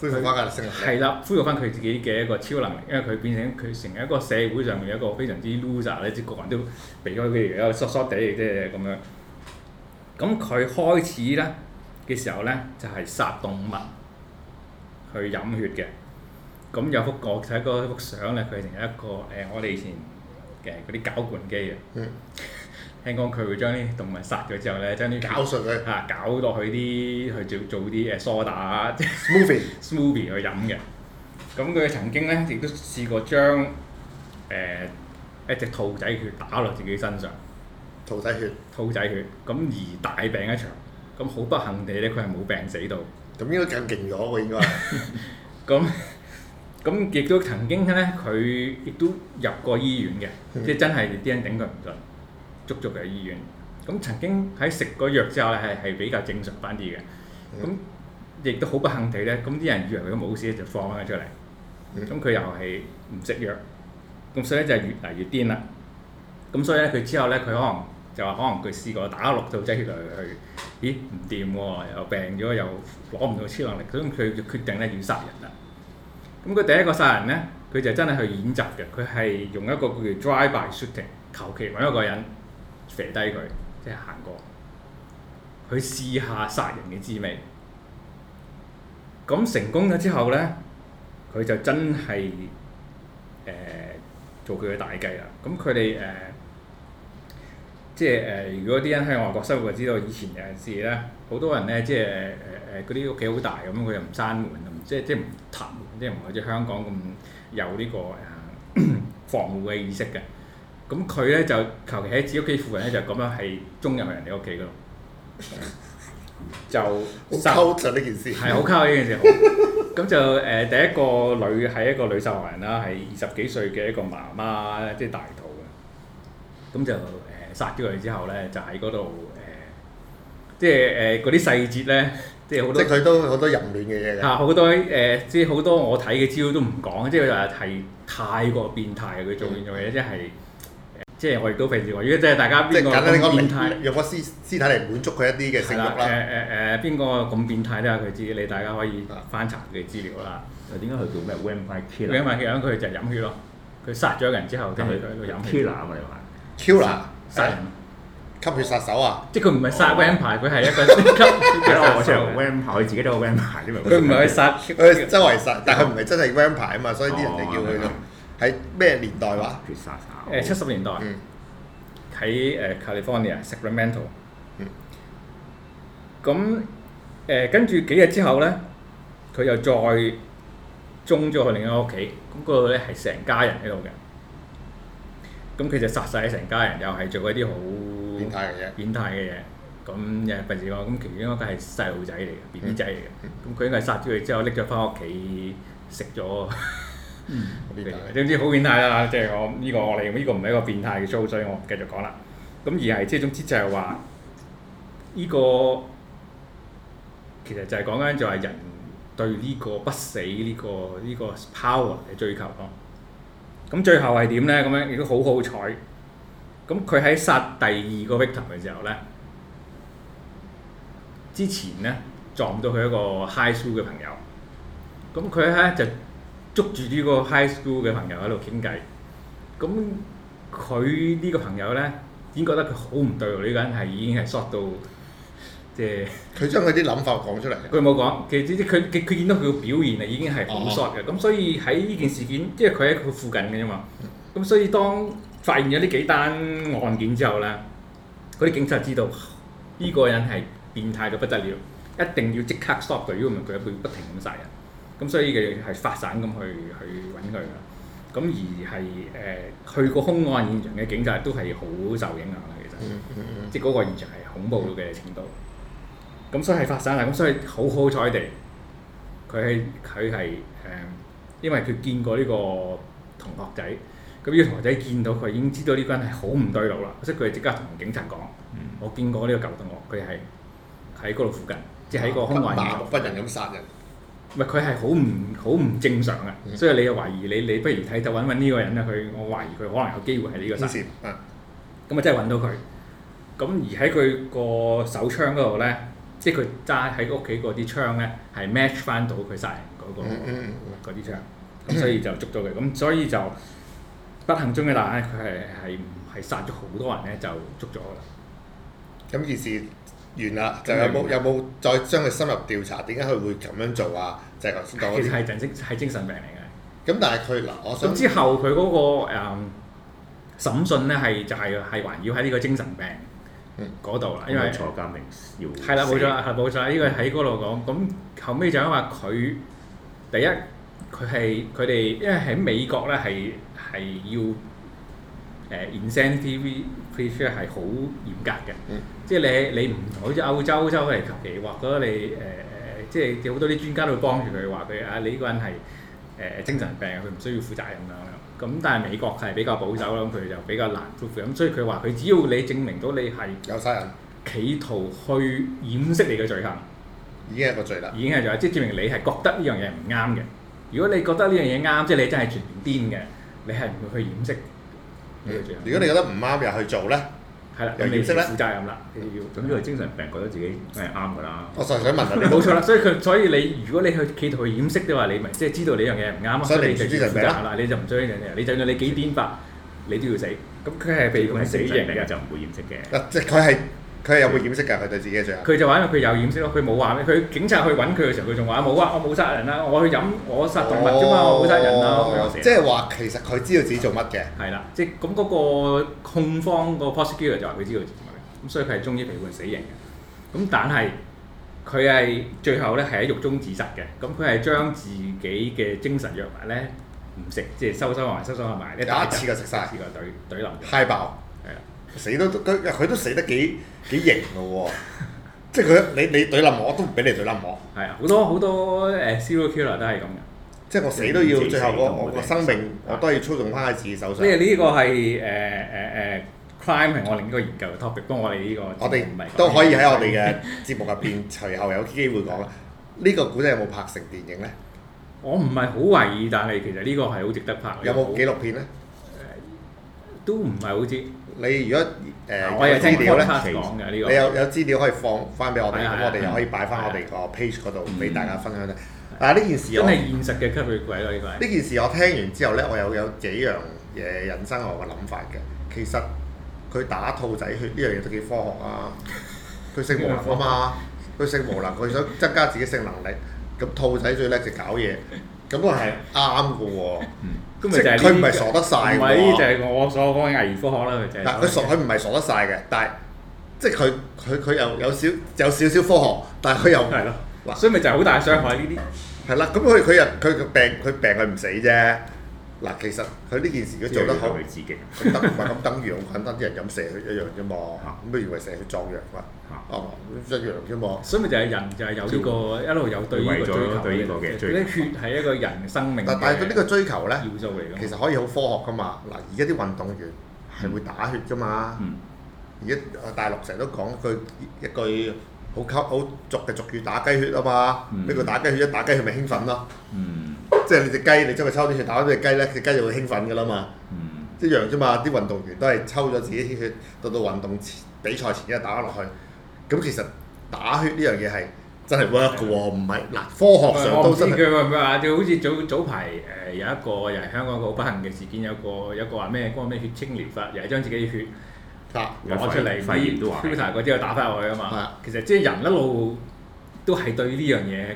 恢復翻嘅啦，恢復翻佢自己嘅一個超能力，因為佢變成佢成一個社會上面一個非常之 loser 咧，即係個人都避開佢，而家索索地即係咁樣。咁佢開始咧嘅時候咧，就係、是、殺動物去飲血嘅。咁有幅角，睇嗰幅相咧，佢成一個誒、呃，我哋以前嘅嗰啲攪拌機啊。嗯。聽講佢會將啲動物殺咗之後咧，將啲搞熟佢搞攪落去啲 <laughs> 去做做啲誒梳打，即係 smoothie smoothie 去飲嘅。咁佢曾經咧亦都試過將誒、呃、一隻兔仔血打落自己身上。兔仔血。兔仔血。咁而大病一場，咁好不幸地咧，佢係冇病死到。咁應該更勁咗喎，應該。咁咁亦都曾經咧，佢亦都入過醫院嘅，即係真係啲人頂佢唔順。嗯嗯足足嘅醫院，咁曾經喺食過藥之後咧，係係比較正常翻啲嘅。咁亦都好不幸地咧，咁啲人以為佢冇事咧，就放翻佢出嚟。咁佢又係唔食藥，咁所以咧就係越嚟越癲啦。咁所以咧佢之後咧，佢可能就話可能佢試過打咗六套劑血落去，咦唔掂喎，又病咗又攞唔到超能力，所以佢決定咧要殺人啦。咁佢第一個殺人咧，佢就真係去演習嘅。佢係用一個叫做 drive by shooting，求其揾一個人。肥低佢，即係行過，佢試下殺人嘅滋味。咁成功咗之後咧，佢就真係誒、呃、做佢嘅大計啦。咁佢哋誒即係誒、呃，如果啲人喺外國生活，就知道以前有陣時咧，好多人咧即係誒誒嗰啲屋企好大咁，佢又唔閂門，即係即係唔閂即係唔好似香港咁有呢、呢個誒、呃、 <coughs> 防護嘅意識嘅。咁佢咧就求其喺自己屋企附近咧就咁樣係衝入人哋屋企嗰度，就好就呢件事，係好溝嘅呢件事。咁就誒第一個女係一個女受害人啦，係二十幾歲嘅一個媽媽，即係大肚嘅。咁就誒殺咗佢之後咧，就喺嗰度誒，即係誒嗰啲細節咧，即係好多，佢都好多淫亂嘅嘢。嚇好多誒，即係好多我睇嘅資料都唔講，即係話係太過變態佢做嘅嘢，即係。即係我亦都費事話，如果即係大家邊個變態，用個屍屍體嚟滿足佢一啲嘅性慾啦。誒誒誒，邊個咁變態咧？佢自己你大家可以翻查佢資料啦。點解佢叫咩？Vampire killer。Vampire killer，佢就係飲血咯。佢殺咗人之後，佢喺度飲血。Killer 啊嘛，你話？Killer，殺人吸血殺手啊！即係佢唔係殺 vampire，佢係一個吸。係咯，我即係 vampire，佢自己都係 vampire 啫嘛。佢唔係去殺，佢周圍殺，但係佢唔係真係 vampire 啊嘛，所以啲人哋叫佢做喺咩年代話？誒七十年代喺誒、嗯 uh, California Sacramento，咁誒、嗯呃、跟住幾日之後咧，佢、嗯、又再中咗去另一間屋企，咁嗰度咧係成家人喺度嘅。咁佢就殺晒成家人，又係做一啲好變態嘅嘢。變態嘅嘢，咁誒平時話咁其中一個係細路仔嚟嘅，B B 仔嚟嘅，咁佢、嗯嗯、應該係殺咗佢之後拎咗返屋企食咗。 <laughs> 嗯，變態，總之好變態啦！ <laughs> 即係我呢個我嚟，呢個唔係一個變態嘅 show，所以我唔繼續講啦。咁而係即係總之就係話呢個其實就係講緊就係人對呢個不死呢個呢個 power 嘅追求咯。咁最後係點咧？咁樣亦都好好彩。咁佢喺殺第二個 victim 嘅時候咧，之前咧撞到佢一個 high school 嘅朋友。咁佢咧就～捉住呢個 high school 嘅朋友喺度傾偈，咁佢呢個朋友咧已經覺得佢好唔對喎，呢、這個人係已經係 shot 到即係。佢將佢啲諗法講出嚟。佢冇講，其實佢佢佢見到佢嘅表現啊，已經係好 shot 嘅。咁、哦、所以喺呢件事件，即係佢喺佢附近嘅啫嘛。咁所以當發現咗呢幾單案件之後咧，嗰啲警察知道呢、這個人係變態到不得了，一定要即刻 stop 佢，因為佢不斷不停咁殺人。咁、嗯、所以佢係發散咁去去揾佢噶，咁而係誒、呃、去個兇案現場嘅警察都係好受影響嘅，其實，嗯嗯、即係嗰個現場係恐怖嘅程度。咁、嗯、所以係發散啊！咁所以好好彩地，佢係佢係誒，因為佢見過呢個同學仔，咁呢個同學仔見到佢已經知道呢個人係好唔對路啦，所以佢係即刻同警察講、嗯：我見過呢個舊同學，佢係喺嗰度附近，啊、即係喺個兇案現場，啊、不人咁殺人。佢係好唔好唔正常嘅，所以你又懷疑，你你不如睇就揾揾呢個人啦，佢我懷疑佢可能有機會係呢個殺人。黐咁啊，真係揾到佢，咁而喺佢個手槍嗰度咧，即係佢揸喺屋企嗰啲槍咧，係 match 翻到佢殺人嗰、嗰個嗰啲槍，咁、嗯嗯嗯嗯、所以就捉咗佢。咁 <coughs> 所以就不幸中嘅大咧，佢係係係殺咗好多人咧，就捉咗啦。咁件事。完啦，就有冇有冇再將佢深入調查？點解佢會咁樣做啊？就係頭先講。其實係正式係精神病嚟嘅。咁但係佢嗱，我想。咁之後佢嗰、那個誒、嗯、審訊咧，係就係係環繞喺呢個精神病嗰度啦。冇、嗯、為錯，監明要。係啦，冇錯，係呢、這個喺嗰度講。咁後尾就因為佢第一佢係佢哋，因為喺美國咧係係要誒、呃、insanity plea 係好嚴格嘅。嗯即係你你唔好似歐洲歐洲，佢哋求其或者你誒誒、呃，即係好多啲專家都會幫住佢話佢啊，你呢個人係誒、呃、精神病，佢唔需要負責任啦咁。但係美國係比較保守咯，咁佢就比較難負責任。所以佢話佢，只要你證明到你係有責任，企圖去掩飾你嘅罪行，已經係個罪啦。已經係罪，即係證明你係覺得呢樣嘢唔啱嘅。如果你覺得呢樣嘢啱，即係你真係全癲嘅，你係唔會去掩飾呢個罪行。行、嗯。如果你覺得唔啱又去做咧？係啦，有利息啦，負責任啦，要總之係精神病人覺得自己係啱㗎啦。我想粹問你，冇錯啦，所以佢 <laughs> 所，所，所，所以你如果你去企圖去掩飾嘅話，你咪即係知道呢樣嘢唔啱啊，所以你就負責任啦，你就唔追緊嘅。你就用你幾癲法，吧你都要死。咁佢係被控係死刑，就唔會掩飾嘅。即係佢係。佢係有會掩飾㗎，佢對自己嘅罪行，佢就話因為佢有掩飾咯，佢冇話咩。佢警察去揾佢嘅時候，佢仲話冇啊，我冇殺人啦，我去飲我殺動物啫嘛，我冇殺人啊。即係話其實佢知道自己做乜嘅。係啦、嗯，即係咁嗰個控方個 prosecutor 就話佢知道自己做乜嘅，咁所以佢係終於被判死刑嘅。咁但係佢係最後咧係喺獄中自殺嘅。咁佢係將自己嘅精神藥物咧唔食，即係收收埋埋。收收埋埋。你打一次就食曬，一次就懟懟冧。太爆！死都佢佢都死得幾幾型咯喎！即係佢你你對冧我，都唔俾你對冧我。係啊，好多好多誒，serial killer 都係咁嘅。即係我死都要，最後我我個生命我都要操縱翻喺自己手上。咩啊？呢個係誒誒誒 crime 係我另一個研究嘅 topic，幫我哋呢個。我哋唔係都可以喺我哋嘅節目入邊隨後有機會講。呢個古仔有冇拍成電影咧？我唔係好懷疑，但係其實呢個係好值得拍。有冇紀錄片咧？都唔係好知。你如果誒有、呃、資料咧，你有有資料可以放翻俾我哋，咁、嗯、我哋又可以擺翻我哋個 page 嗰度俾大家分享、嗯、但嗱呢件事我真係現實嘅吸血鬼咯、啊，呢個係呢件事我聽完之後咧，我又有，有幾樣嘢引申我個諗法嘅。其實佢打兔仔血呢樣嘢都幾科學啊，佢性無能啊嘛，佢性 <laughs> 無能，佢想增加自己性能力，咁 <laughs> 兔仔最叻就搞嘢，咁都係啱嘅喎。 <laughs> 即係佢唔係傻得晒喎，咪就係我所講嘅偽科學啦，佢就係。嗱，佢傻佢唔係傻得晒嘅，但係即係佢佢佢又有少有少少科學，但係佢又係咯，嗱了，嘩所以咪就係好大傷害呢啲。係啦、嗯，咁佢佢又佢病佢病佢唔死啫。嗱，其實佢呢件事佢做得好，刺佢等唔係咁等養菌，等啲人飲蛇血一樣啫嘛。咁咪以為蛇血壯陽菌，啊嘛，一樣啫嘛。所以咪就係人就係有呢個一路有對呢個追求，對呢個嘅。啲血係一個人生命，但係佢呢個追求咧，要素嚟。其實可以好科學㗎嘛。嗱，而家啲運動員係會打血㗎嘛。而家大陸成日都講佢一句好吸好俗嘅俗語：打雞血啊嘛。呢個打雞血，一打雞血咪興奮咯。即係你隻雞，你將佢抽啲血打咗隻雞咧，隻雞就會興奮㗎啦嘛。一樣啫嘛，啲運動員都係抽咗自己啲血到到運動比賽前一日打咗落去。咁其實打血呢樣嘢係真係 work 嘅喎，唔係嗱科學上都真。我唔好似早早排誒有一個又係香港一個好不幸嘅事件，有個有個話咩個咩血清療法，又係將自己嘅血攞出嚟，肺炎都話。肺炎 filter 過之後打翻落去㗎嘛。其實即係人一路都係對呢樣嘢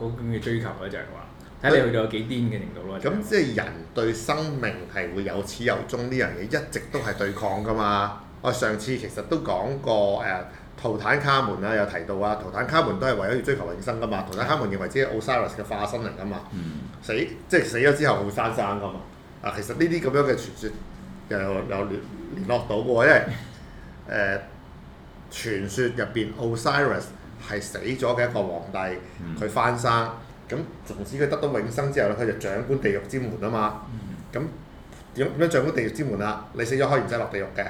嗰咁嘅追求咧，就係話。睇你去到幾癲嘅程度咯。咁、嗯、即係人對生命係會有始有終呢樣嘢，一直都係對抗噶嘛。我、啊、上次其實都講過誒，圖、啊、坦卡門啊，有提到啊，圖坦卡門都係為咗要追求永生噶嘛。圖坦卡門認為自己係 Osiris 嘅化身嚟噶嘛。嗯、死即係死咗之後會生生噶嘛。啊，其實呢啲咁樣嘅傳説又有聯聯絡到嘅喎，因為誒傳、啊、説入邊 Osiris 係死咗嘅一個皇帝，佢翻生。嗯咁從此佢得到永生之後咧，佢就掌管地獄之門啊嘛。咁點點樣掌管地獄之門啊？你死咗可以唔使落地獄嘅，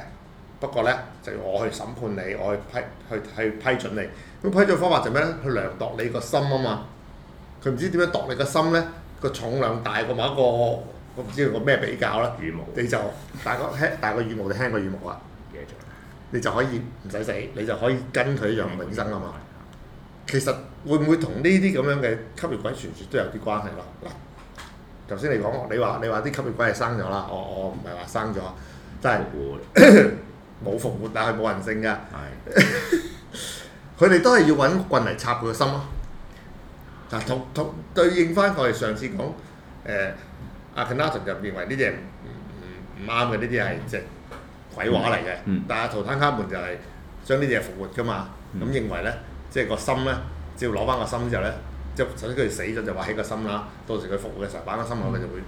不過咧就要我去審判你，我去批去去批准你。咁批准方法就咩咧？去量度你個心啊嘛。佢唔知點樣度你個心咧，個重量大過某一個我唔知個咩比較啦。羽毛。你就大個輕，大個羽毛就輕過羽毛啊。你就可以唔使死，你就可以跟佢一樣永生啊嘛。其實。會唔會同呢啲咁樣嘅吸血鬼傳説都有啲關係咯？嗱，頭先你講，你話你話啲吸血鬼係生咗啦，我我唔係話生咗，真係冇復活，但係冇人性㗎。係的，佢哋 <laughs> 都係要揾棍嚟插佢個心咯，啊。嗱，同同對應翻我哋上次講，誒、呃、阿 Akhenaten 就認為呢啲係唔唔啱嘅，呢啲係即係鬼話嚟嘅。嗯嗯、但係圖坦卡門就係將呢啲嘢復活㗎嘛，咁認為咧，即、就、係、是、個心咧。只要攞翻個心之後呢，就，首先佢死咗就話起個心啦。到時佢復活嘅時候，擺個心落去就會，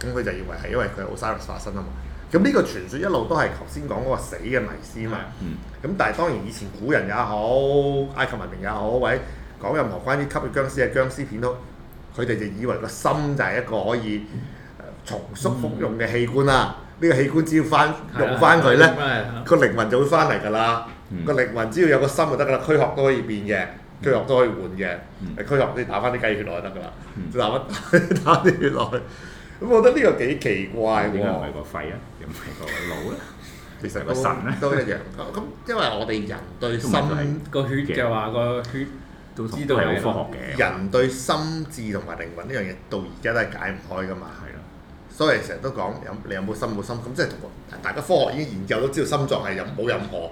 咁佢、嗯、就以為係因為佢係 Osiris 化身啊嘛。咁呢個傳說一路都係頭先講嗰個死嘅迷思啊嘛。咁、嗯、但係當然以前古人也好，埃及文明也好，或者講任何關於吸血僵屍嘅僵屍片都，佢哋就以為個心就係一個可以重複復用嘅器官啦。呢、嗯、個器官只要翻用翻佢呢，個、嗯、靈魂就會翻嚟㗎啦。個靈魂只要有個心就得㗎啦，軀殼都可以變嘅。軀殼都可以換嘅，誒、嗯，軀殼你打翻啲雞血落就得㗎啦，打翻打啲血落去，咁我覺得呢個幾奇怪喎。點解唔係個肺啊？點解唔係個腦咧？ <laughs> 其實個神咧都， <laughs> 都一樣。咁因為我哋人對心個血嘅話，個血，血都知道有科學嘅。人對心智同埋靈魂呢樣嘢，這個、到而家都係解唔開㗎嘛。係咯的。所以成日都講有你有冇心冇心，咁即係同大家科學已經研究都知道心臟係有冇任何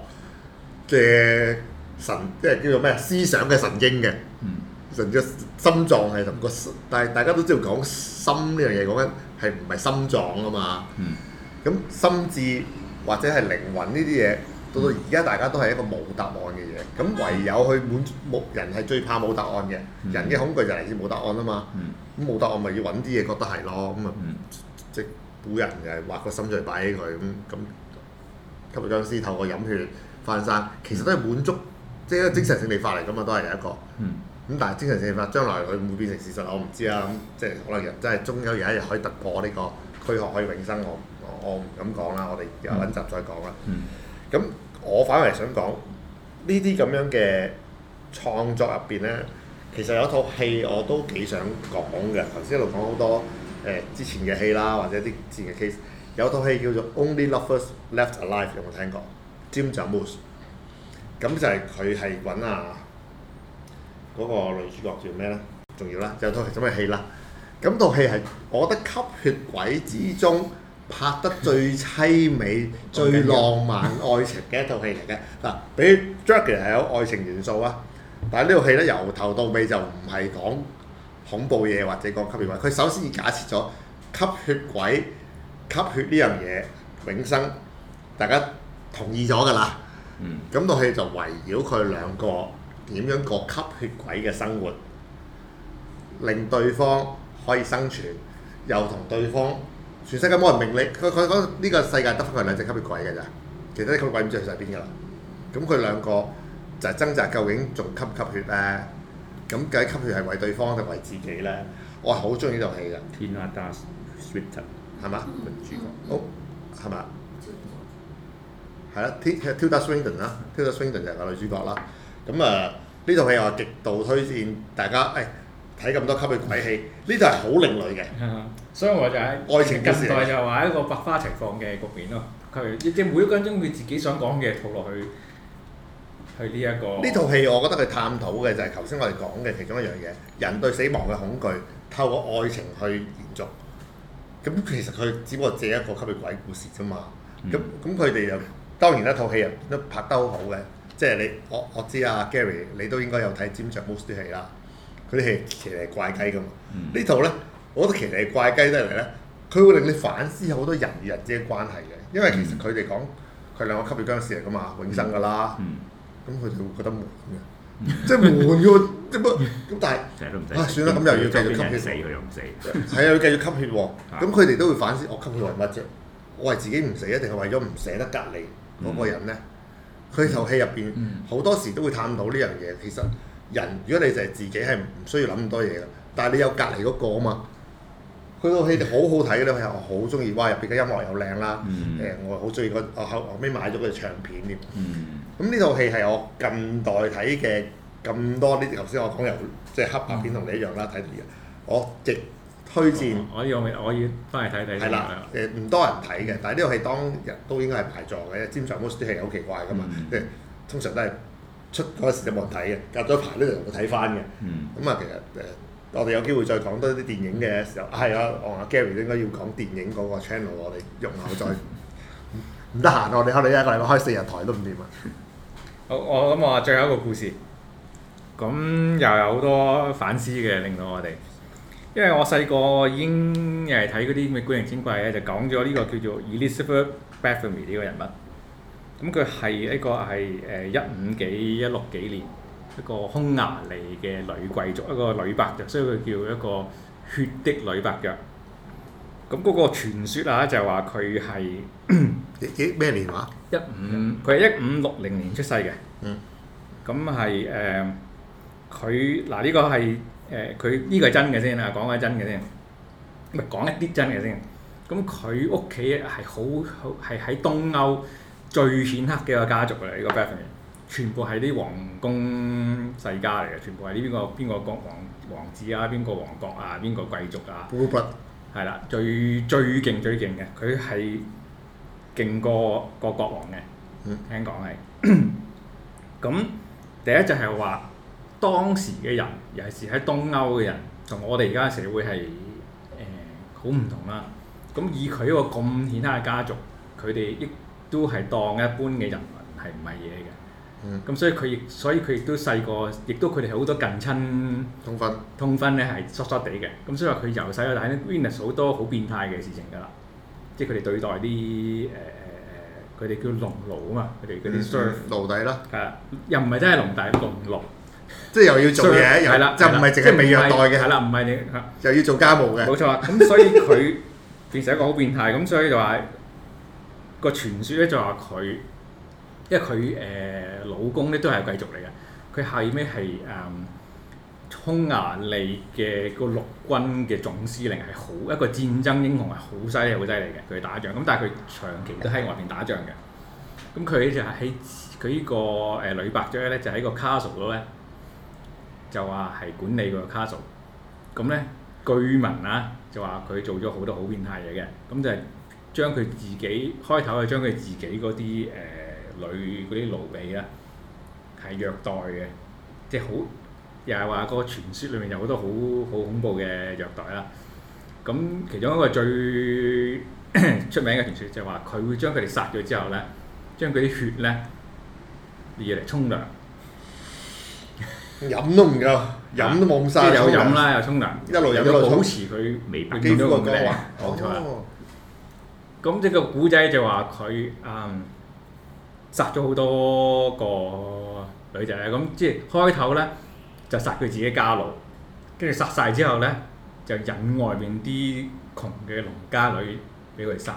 嘅。神即係叫做咩思想嘅神經嘅，甚至心臟係同個，但係大家都知道講心呢樣嘢，講緊係唔係心臟啊嘛。咁、嗯嗯嗯、心智或者係靈魂呢啲嘢，到到而家大家都係一個冇答案嘅嘢。咁唯有去滿足，人係最怕冇答案嘅，人嘅恐懼就嚟自冇答案啊嘛。咁冇、嗯、答案咪要揾啲嘢覺得係咯，咁啊即係古人就係畫個心出來擺喺佢咁咁，吸血殭屍透過飲血翻生，其實都係滿足。即係一個精神性利法嚟㗎嘛，都係一個。咁、嗯、但係精神性利法將來佢會變成事實，我唔知啊。咁即係可能人真係終有日一日可以突破呢個科學可以永生，我我唔敢講啦。我哋有揾集再講啦。咁、嗯嗯、我反為想講呢啲咁樣嘅創作入邊呢，其實有套戲我都幾想講嘅。頭先一路講好多誒、呃、之前嘅戲啦，或者啲之前嘅 case，有套戲叫做《Only Lovers Left Alive》，有冇聽過 j a m u 咁就係佢係揾啊嗰個女主角叫咩咧？重要啦，就套係咁嘅戲啦。咁套戲係我覺得吸血鬼之中拍得最淒美、 <laughs> 最浪漫愛情嘅一套戲嚟嘅。嗱，比 d r a c k l a 係有愛情元素啊，但係呢套戲呢，由頭到尾就唔係講恐怖嘢或者講吸血鬼。佢首先已假設咗吸血鬼吸血呢樣嘢永生，大家同意咗㗎啦。咁套戲就圍繞佢兩個點樣過吸血鬼嘅生活，令對方可以生存，又同對方全世界冇人明理。佢佢講呢個世界得佢兩隻吸血鬼嘅咋，其他吸血鬼唔知去曬邊㗎啦。咁佢兩個就係掙扎究竟仲吸唔吸血咧？咁究竟吸血係為對方定為自己咧？我係好中意呢套戲㗎。Tilda Swinton 係嘛？主角？哦係嘛？係啦，Tilda Swinton 啦，Tilda Swinton 就係個女主角啦。咁啊，呢、呃、套戲我極度推薦大家，誒睇咁多吸血鬼戲，呢套係好另類嘅、嗯。所以我就喺、是、愛情近代就話一個百花齊放嘅局面咯。佢亦即係每一個人中佢自己想講嘅套落去，去呢、這、一個。呢套戲我覺得佢探討嘅就係頭先我哋講嘅其中一樣嘢，人對死亡嘅恐懼透過愛情去延續。咁其實佢只不過借一個吸血鬼故事啫嘛。咁咁佢哋又～當然一套戲啊都拍得好好嘅，即係你我我知啊 Gary，你都應該有睇 Jim Jarmusch 啲戲啦，佢啲戲其實係怪雞噶嘛。嗯、呢套咧，我覺得其實係怪雞得嚟咧，佢會令你反思好多人與人之間關係嘅，因為其實佢哋講佢兩個吸血殭屍嚟噶嘛，永生噶啦，咁佢哋會覺得悶嘅，即係悶嘅，咁、嗯、但係成日都唔啊，算啦，咁又要繼續吸血死又唔死，係啊，要繼續吸血喎，咁佢哋都會反思我吸血為乜啫？我係自己唔死一定係為咗唔捨得隔離嗰個人呢，佢套戲入邊好多時都會探討呢樣嘢。嗯、其實人如果你就係自己係唔需要諗咁多嘢嘅，但係你有隔離嗰個啊嘛。佢套戲好好睇嘅咧，嗯、我好中意。哇，入邊嘅音樂又靚啦，誒、嗯欸，我好中意。我後後尾買咗佢唱片添。咁呢套戲係我近代睇嘅咁多，呢頭先我講由即係黑白片同你一樣啦，睇到而我直。推薦，哦、我可以我可以翻嚟睇睇。係啦、啊，誒唔、嗯、多人睇嘅，但係呢個戲當日都應該係排座嘅。尖上 most 啲戲好奇怪㗎嘛，即係、嗯、通常都係出嗰時就冇人睇嘅，入咗排呢就會睇翻嘅。咁啊、嗯嗯嗯嗯，其實誒，我哋有機會再講多啲電影嘅時候，係啊，我阿 Gary 應該要講電影嗰個 channel，我哋容後再唔得閒，我哋可能一個禮拜開四日台都唔掂啊。好、嗯， <laughs> 我諗我最後一個故事，咁又有好多反思嘅，令到我哋。因為我細個已經又係睇嗰啲咩古靈精怪咧，就講咗呢個叫做 Elizabeth Bathory 呢個人物。咁佢係一個係誒一五幾一六幾年一個匈牙利嘅女貴族，一個女伯爵，所以佢叫一個血的女伯爵。咁嗰個傳說啊，就話佢係一幾咩年話？一五佢係一五六零年出世嘅。嗯。咁係誒，佢嗱呢個係。誒佢呢個係真嘅先啦，講開真嘅先，咪講一啲真嘅先。咁佢屋企係好好係喺東歐最顯赫嘅一個家族嚟，呢、這個 b e n a 全部係啲王宮世家嚟嘅，全部係呢邊個邊個國王王，王子啊，邊個王國啊，邊個貴族啊。Blood，係啦，最最勁最勁嘅，佢係勁過個國王嘅，嗯、聽講係。咁 <coughs> 第一就係話。當時嘅人，尤其是喺東歐嘅人，同我哋而家嘅社會係誒好唔同啦。咁、嗯嗯、以佢一個咁顯赫嘅家族，佢哋亦都係當一般嘅人民係唔係嘢嘅。咁、嗯嗯、所以佢亦所以佢亦都細個，亦都佢哋好多近親通婚分，通婚咧係疏疏地嘅。咁、嗯、所以話佢由細到大咧，witness 好多好變態嘅事情㗎啦。即係佢哋對待啲誒誒，佢、呃、哋叫農奴啊嘛，佢哋嗰啲奴隸啦，啊又唔係真係奴隸農奴，龍即係又要做嘢，又就唔係淨係未虐待嘅，係啦，唔係你，又要做家務嘅。 <laughs> 冇 <music> 錯啊！咁 <laughs> 所以佢變成一個好變態，咁所以就話個傳説咧就話佢，因為佢誒、呃、老公咧都係貴族嚟嘅，佢係咩係誒匈牙利嘅個陸軍嘅總司令，係、呃、好 <music> <music> 一個戰爭英雄，係好犀利、好犀利嘅。佢打仗，咁但係佢長期都喺外邊打仗嘅。咁佢就喺佢呢個誒女伯爵咧，就喺個 castle 度咧。就話係管理個 Castle，咁咧據聞啊，就話佢做咗好多好變態嘢嘅，咁就係將佢自己開頭係將佢自己嗰啲誒女嗰啲奴婢啊，係虐待嘅，即係好又係話個傳説裏面有好多好好恐怖嘅虐待啦。咁其中一個最 <coughs> 出名嘅傳説就係話佢會將佢哋殺咗之後咧，將佢啲血咧要嚟沖涼。飲都唔夠，飲都冇晒。啊、澡有飲啦，又沖涼，一路飲一路沖，保持佢未白咁樣咁啊！冇錯咁、啊、即、哦、個古仔就話佢嗯殺咗好多個女仔咁，即係開頭呢，就殺佢自己家奴，跟住殺晒之後呢，就引外面啲窮嘅農家女俾佢殺，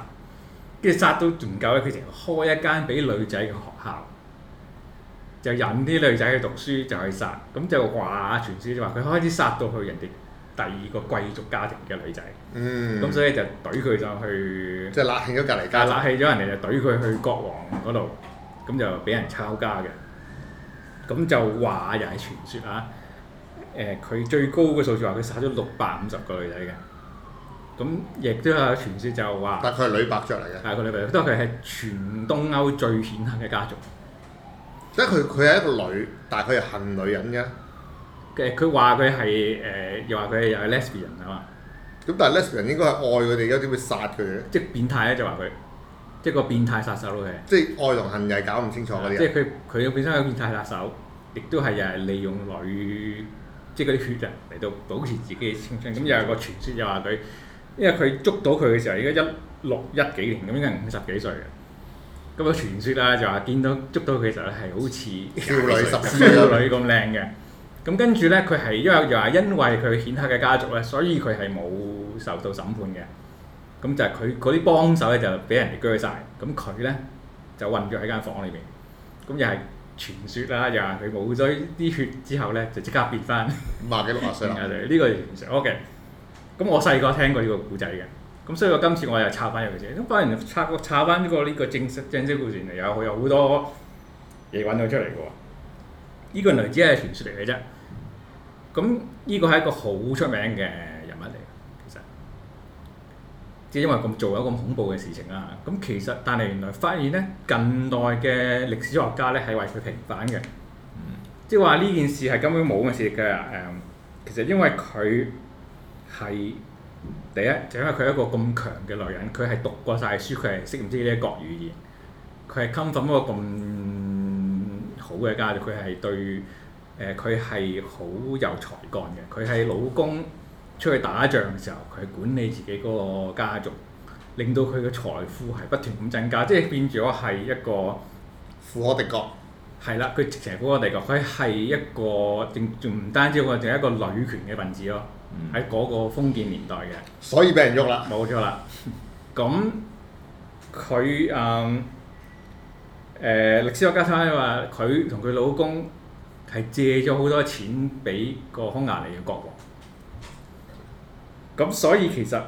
跟住殺到仲唔夠呢，佢成日開一間俾女仔嘅學校。就引啲女仔去讀書就去殺，咁就話傳説就話佢開始殺到去人哋第二個貴族家庭嘅女仔，咁、嗯、所以就懟佢就去，即係鬧起咗隔離家，鬧起咗人哋就懟佢去國王嗰度，咁就俾人抄家嘅，咁就話又係傳説嚇，誒、呃、佢最高嘅數字話佢殺咗六百五十個女仔嘅，咁亦都有傳説就話，佢係女伯爵嚟嘅，係佢女伯爵，因為佢係全東歐最顯赫嘅家族。即係佢，佢係一個女，但係佢係恨女人嘅。誒，佢話佢係誒，又話佢係又係 lesbian 係嘛？咁但係 lesbian 應該係愛佢哋，點解會殺佢哋，即係變態咧，就話佢，即係個變態殺手嚟嘅、啊。即係愛同恨又係搞唔清楚嗰啲。即係佢，佢本身係變態殺手，亦都係又係利用女，即係嗰啲血人嚟到保持自己嘅青春。咁、嗯嗯、又係個傳説又話佢，因為佢捉到佢嘅時候而家一六一幾年，咁應該係五十幾歲嘅。個傳說啦，就話見到捉到佢時咧係好似少女十歲 <laughs> 女咁靚嘅。咁 <laughs> 跟住咧，佢係因為又話因為佢顯赫嘅家族咧，所以佢係冇受到審判嘅。咁就係佢嗰啲幫手咧就俾人哋鋸晒。咁佢咧就困咗喺間房裏邊。咁又係傳說啦，又話佢冇咗啲血之後咧就即刻變翻五啊幾六啊歲、 <laughs> 嗯。呢個完說 OK。咁我細個聽過呢個古仔嘅。咁所以我今次我又查翻入去啫。咁發現查個翻呢個呢個正式正式故事嚟，原來有有好多嘢揾到出嚟嘅喎。依、呢個例子係傳説嚟嘅啫。咁呢個係一個好出名嘅人物嚟，其實即係因為咁做咗咁恐怖嘅事情啊。咁其實但係原來發現咧，近代嘅歷史學家咧係為佢平反嘅，即係話呢件事係根本冇咁嘅事嘅誒、嗯。其實因為佢係。第一就是，因為佢係一個咁強嘅女人，佢係讀過晒書，佢係識唔知呢啲國語言，佢係浸粉一個咁好嘅家族，佢係對誒，佢係好有才幹嘅。佢係老公出去打仗嘅時候，佢係管理自己嗰個家族，令到佢嘅財富係不斷咁增加，即係變咗係一個富可敵國。係啦，佢直情係富可敵國，佢係一個正，仲唔單止話仲係一個女權嘅分子咯。喺嗰個封建年代嘅，所以俾人喐啦錯。 <laughs> 冇錯啦，咁佢誒誒歷史學家差唔多話，佢同佢老公係借咗好多錢俾個匈牙利嘅國王。咁所以其實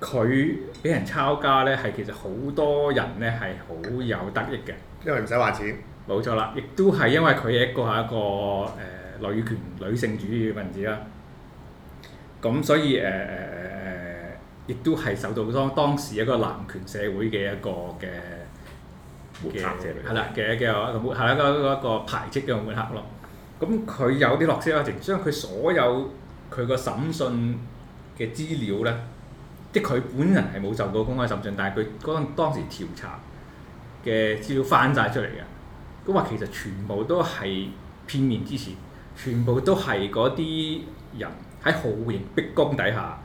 佢俾人抄家咧，係其實好多人咧係好有得益嘅，因為唔使還錢。冇錯啦，亦都係因為佢係一個係一個誒女權女性主義嘅分子啦。咁所以誒誒誒誒，亦都係受到當當時一個男權社會嘅一個嘅嘅係啦嘅嘅，係一個,一個,一,個,一,個一個排斥個。嘅抹黑咯。咁、嗯、佢有啲落色嘅情況，因為佢所有佢個審訊嘅資料咧，即佢本人係冇受過公開審訊，但係佢嗰陣當時調查嘅資料翻晒出嚟嘅，咁話其實全部都係片面之詞，全部都係嗰啲人。喺嚴刑逼供底下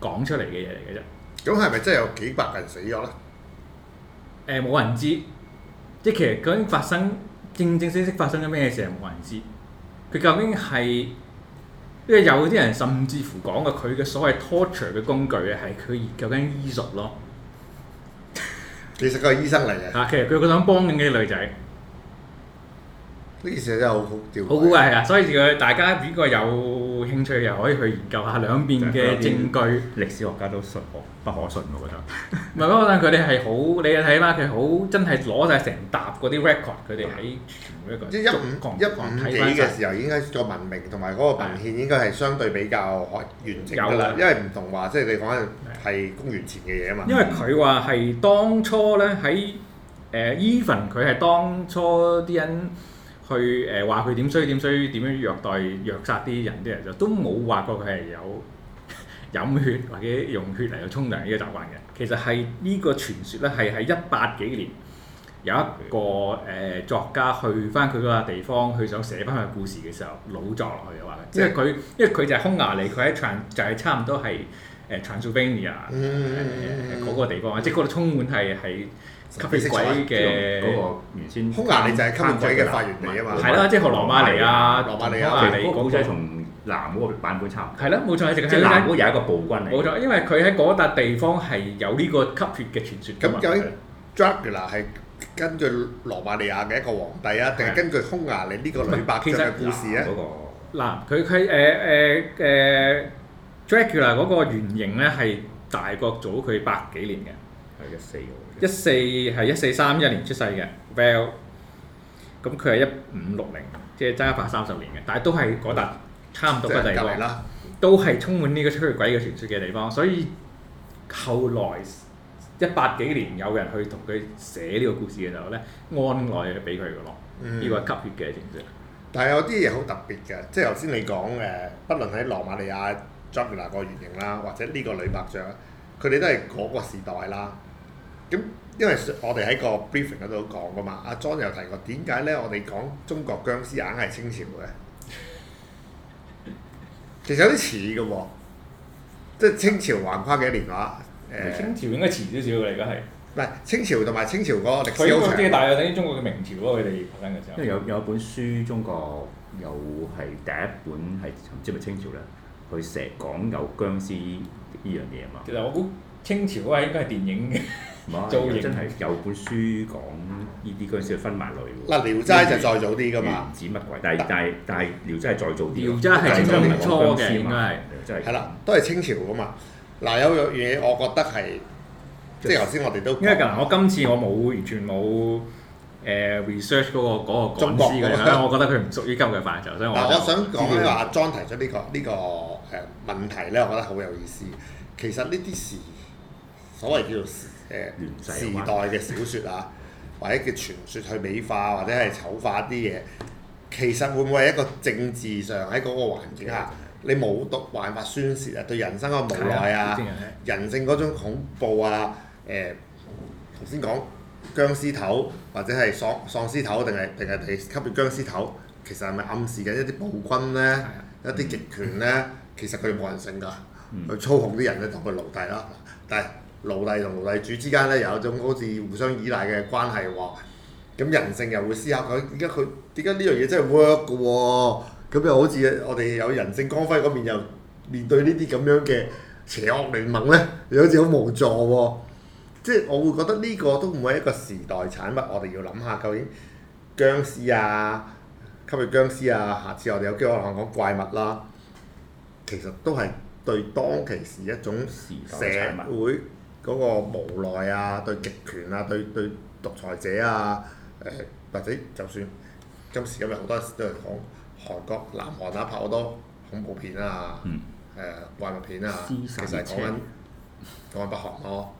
講出嚟嘅嘢嚟嘅啫。咁係咪真係有幾百人死咗咧？誒，冇人知。即係其實究竟發生正，正正式式發生咗咩事？係冇人知。佢究竟係因為有啲人甚至乎講過佢嘅所謂 torture 嘅工具咧，係佢究竟醫術咯其醫、啊。其實佢係醫生嚟嘅。嚇，其實佢佢想幫緊啲女仔。呢件事真係好古調，好古嘅係啊！所以佢大家如果有興趣，又可以去研究下兩邊嘅證據。實歷史學家都信可不可信？我覺得唔係， <laughs> 不過佢哋係好，你睇翻佢好真係攞晒成沓嗰啲 record，佢哋喺全部一個一五、嗯、五一五幾嘅時候，應該個文明同埋嗰個文獻應該係相對比較可完整有啦了、就是嗯。因為唔同話，即係你講係公元前嘅嘢啊嘛。因為佢話係當初咧喺誒 Even，佢係當初啲人。佢誒話佢點衰點衰點樣虐待，虐待，虐殺啲人，啲人就都冇話過佢係有飲血或者用血嚟到沖涼呢個習慣嘅。其實係呢個傳說咧，係喺一八幾年有一個誒、呃、作家去翻佢嗰個地方，去想寫翻個故事嘅時候，老作落去嘅話，即係佢因為佢就係匈牙利，佢喺場就係差唔多係。誒 Transylvania 誒嗰個地方啊，即係嗰度充滿係係吸血鬼嘅嗰個原先。匈牙利就係吸血鬼嘅發源地啊嘛。係啦，即係荷羅馬尼亞。荷羅馬尼亞其實嗰，即係同南嗰個版本差唔多。係啦，冇錯，即係南嗰個又係一個暴君嚟。冇錯，因為佢喺嗰笪地方係有呢個吸血嘅傳說嘅嘛。咁 Dracula 係根據羅馬尼亞嘅一個皇帝啊，定係根據匈牙利呢個女白？其實嘅故事啊。嗱，佢係誒誒誒。Dracula 嗰個原型咧，係大國早佢百幾年嘅。係一四，一四係一四三一年出世嘅，Well，咁佢係一五六零，即係爭一百三十年嘅，但係都係嗰笪差唔多嘅地方，都係充滿呢個出血鬼嘅傳說嘅地方，所以後來、mm hmm. 一百幾年有人去同佢寫呢個故事嘅時候咧，安來俾佢嘅咯，要係、mm hmm. 吸血嘅傳說。但係有啲嘢好特別嘅，即係頭先你講誒，不論喺羅馬尼亞。John m 個原型啦，或者呢個女伯爵，佢哋都係嗰個時代啦。咁因為我哋喺個 briefing 嗰度講噶嘛，阿 John 又提過點解咧？我哋講中國僵屍硬係清朝嘅， <laughs> 其實有啲似噶喎，即係清朝橫跨幾多年話。清朝應該遲少少嘅，而家係。唔係清朝同埋清朝嗰個歷史悠長。大有等於中國嘅明朝咯，佢哋講緊嘅時候。因為有有一本書，中國又係第一本係唔知咪清朝咧。佢成日講有僵屍呢樣嘢啊嘛，其實我估清朝嗰個應該係電影嘅造型，啊、真係有本書講呢啲僵屍分埋類喎。嗱、啊《聊齋》就再早啲㗎嘛，唔知乜鬼，但係、啊、但係是但係《聊齋》係再早啲，《聊齋》係再唔係殭屍啊？應該係、嗯、真係。係啦，都係清朝㗎嘛。嗱、啊、有樣嘢我覺得係，即係頭先我哋都因為嗱，我今次我冇完全冇。誒、呃、research 嗰、那個嗰、那個講師嗰啲我覺得佢唔屬於今日嘅範疇， <laughs> 所以我嗱我想講咧，阿莊道、啊、提出呢、這個呢、這個誒問題咧，我覺得好有意思。其實呢啲事所謂叫做誒時,時代嘅小説啊，或者叫傳說去美化或者係醜化啲嘢，其實會唔會係一個政治上喺嗰個環境下？的你冇毒幻物宣洩啊，對人生嘅無奈啊，人性嗰種恐怖啊，誒頭先講。僵屍頭或者係喪喪屍頭定係定係第級別僵屍頭，其實係咪暗示緊一啲暴君呢？的一啲極權呢？嗯、其實佢冇人性㗎，嗯、去操控啲人咧同佢奴隸啦。但係奴隸同奴隸主之間呢，有一種好似互相依賴嘅關係喎。咁人性又會思考佢點解佢點解呢樣嘢真係 work 㗎喎？咁又好似我哋有人性光輝嗰邊又面對呢啲咁樣嘅邪惡聯盟呢，又好似好無助喎。即係我會覺得呢個都唔係一個時代產物，我哋要諗下究竟殭屍啊、吸血殭屍啊，下次我哋有機會可能講怪物啦。其實都係對當其時一種時代社會嗰個無奈啊、對極權啊、對對獨裁者啊，呃、或者就算今時今日好多時都係講韓國、南韓啊拍好多恐怖片啊，誒、嗯呃、怪物片啊，私生 其實講緊。講緊北韓咯，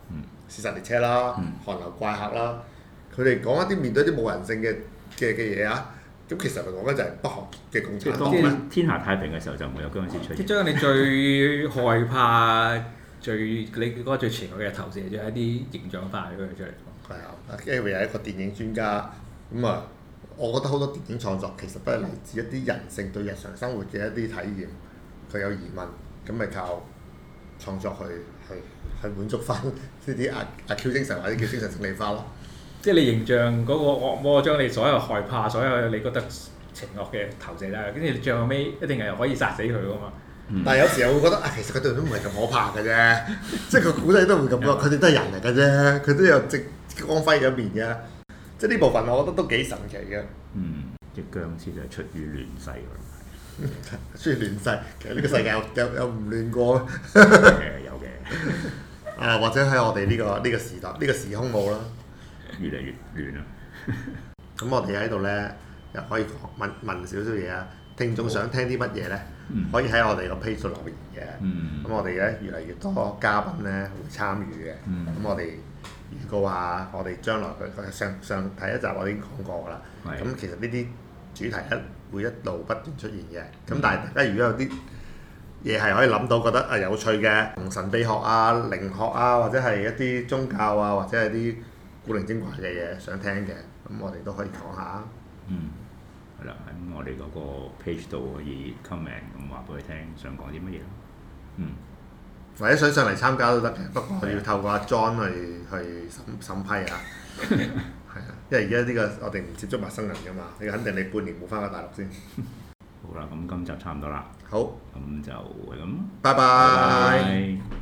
屍殺、嗯、列車啦，嗯、韓流怪客啦，佢哋講一啲面對啲冇人性嘅嘅嘅嘢啊，咁其實佢講嘅就係北韓嘅共產黨即係天下太平嘅時候，就冇有嗰種事出現。即、嗯、將你最害怕、 <laughs> 最你嗰個最前頭嘅投射，將、就是、一啲形象化咗嘅出嚟。係啊，阿 Gary 又係一個電影專家，咁、嗯、啊，我覺得好多電影創作其實都係嚟自一啲人性對日常生活嘅一啲體驗，佢有疑問，咁咪靠創作去。去係滿足翻啲啲阿阿 Q 精神，或者叫精神勝利法咯，即係你形象嗰個惡魔，將你所有害怕、所有你覺得邪惡嘅投射啦，跟住最後尾一定係可以殺死佢噶嘛。嗯、但係有時候會覺得啊、哎，其實佢哋都唔係咁可怕嘅啫，即係佢估仔都唔咁咯。佢哋都係人嚟嘅啫，佢都有正光輝一面嘅。即係呢部分，我覺得都幾神奇嘅。嗯，啲殭屍就出於亂世㗎、嗯，出於亂世。其實呢個世界有有唔亂過有嘅。 <laughs> <laughs> 啊，或者喺我哋呢個呢個時代呢個時空冇啦，越嚟越亂啦。咁我哋喺度咧又可以問問少少嘢啊，聽眾想聽啲乜嘢咧？可以喺我哋個 page 留言嘅。咁我哋咧越嚟越多嘉賓咧會參與嘅。咁我哋預告下，我哋將來上上第一集我已經講過啦。咁其實呢啲主題一會一路不斷出現嘅。咁但係大家如果有啲嘢係可以諗到，覺得啊有趣嘅，同神秘學啊、靈學啊，或者係一啲宗教啊，或者係啲古靈精怪嘅嘢想聽嘅，咁、嗯、我哋都可以講下嗯。嗯，係啦，喺我哋嗰個 page 度可以 comment，咁話俾佢聽，想講啲乜嘢咯。嗯，或者想上嚟參加都得嘅，不過要透過阿 John 去的去審審批啊。係啊， <laughs> 因為而家呢個我哋唔接觸陌生人㗎嘛，你肯定你半年冇翻過大陸先。好啦，咁今集差唔多啦。好，咁、嗯、就係、是、咁，拜拜。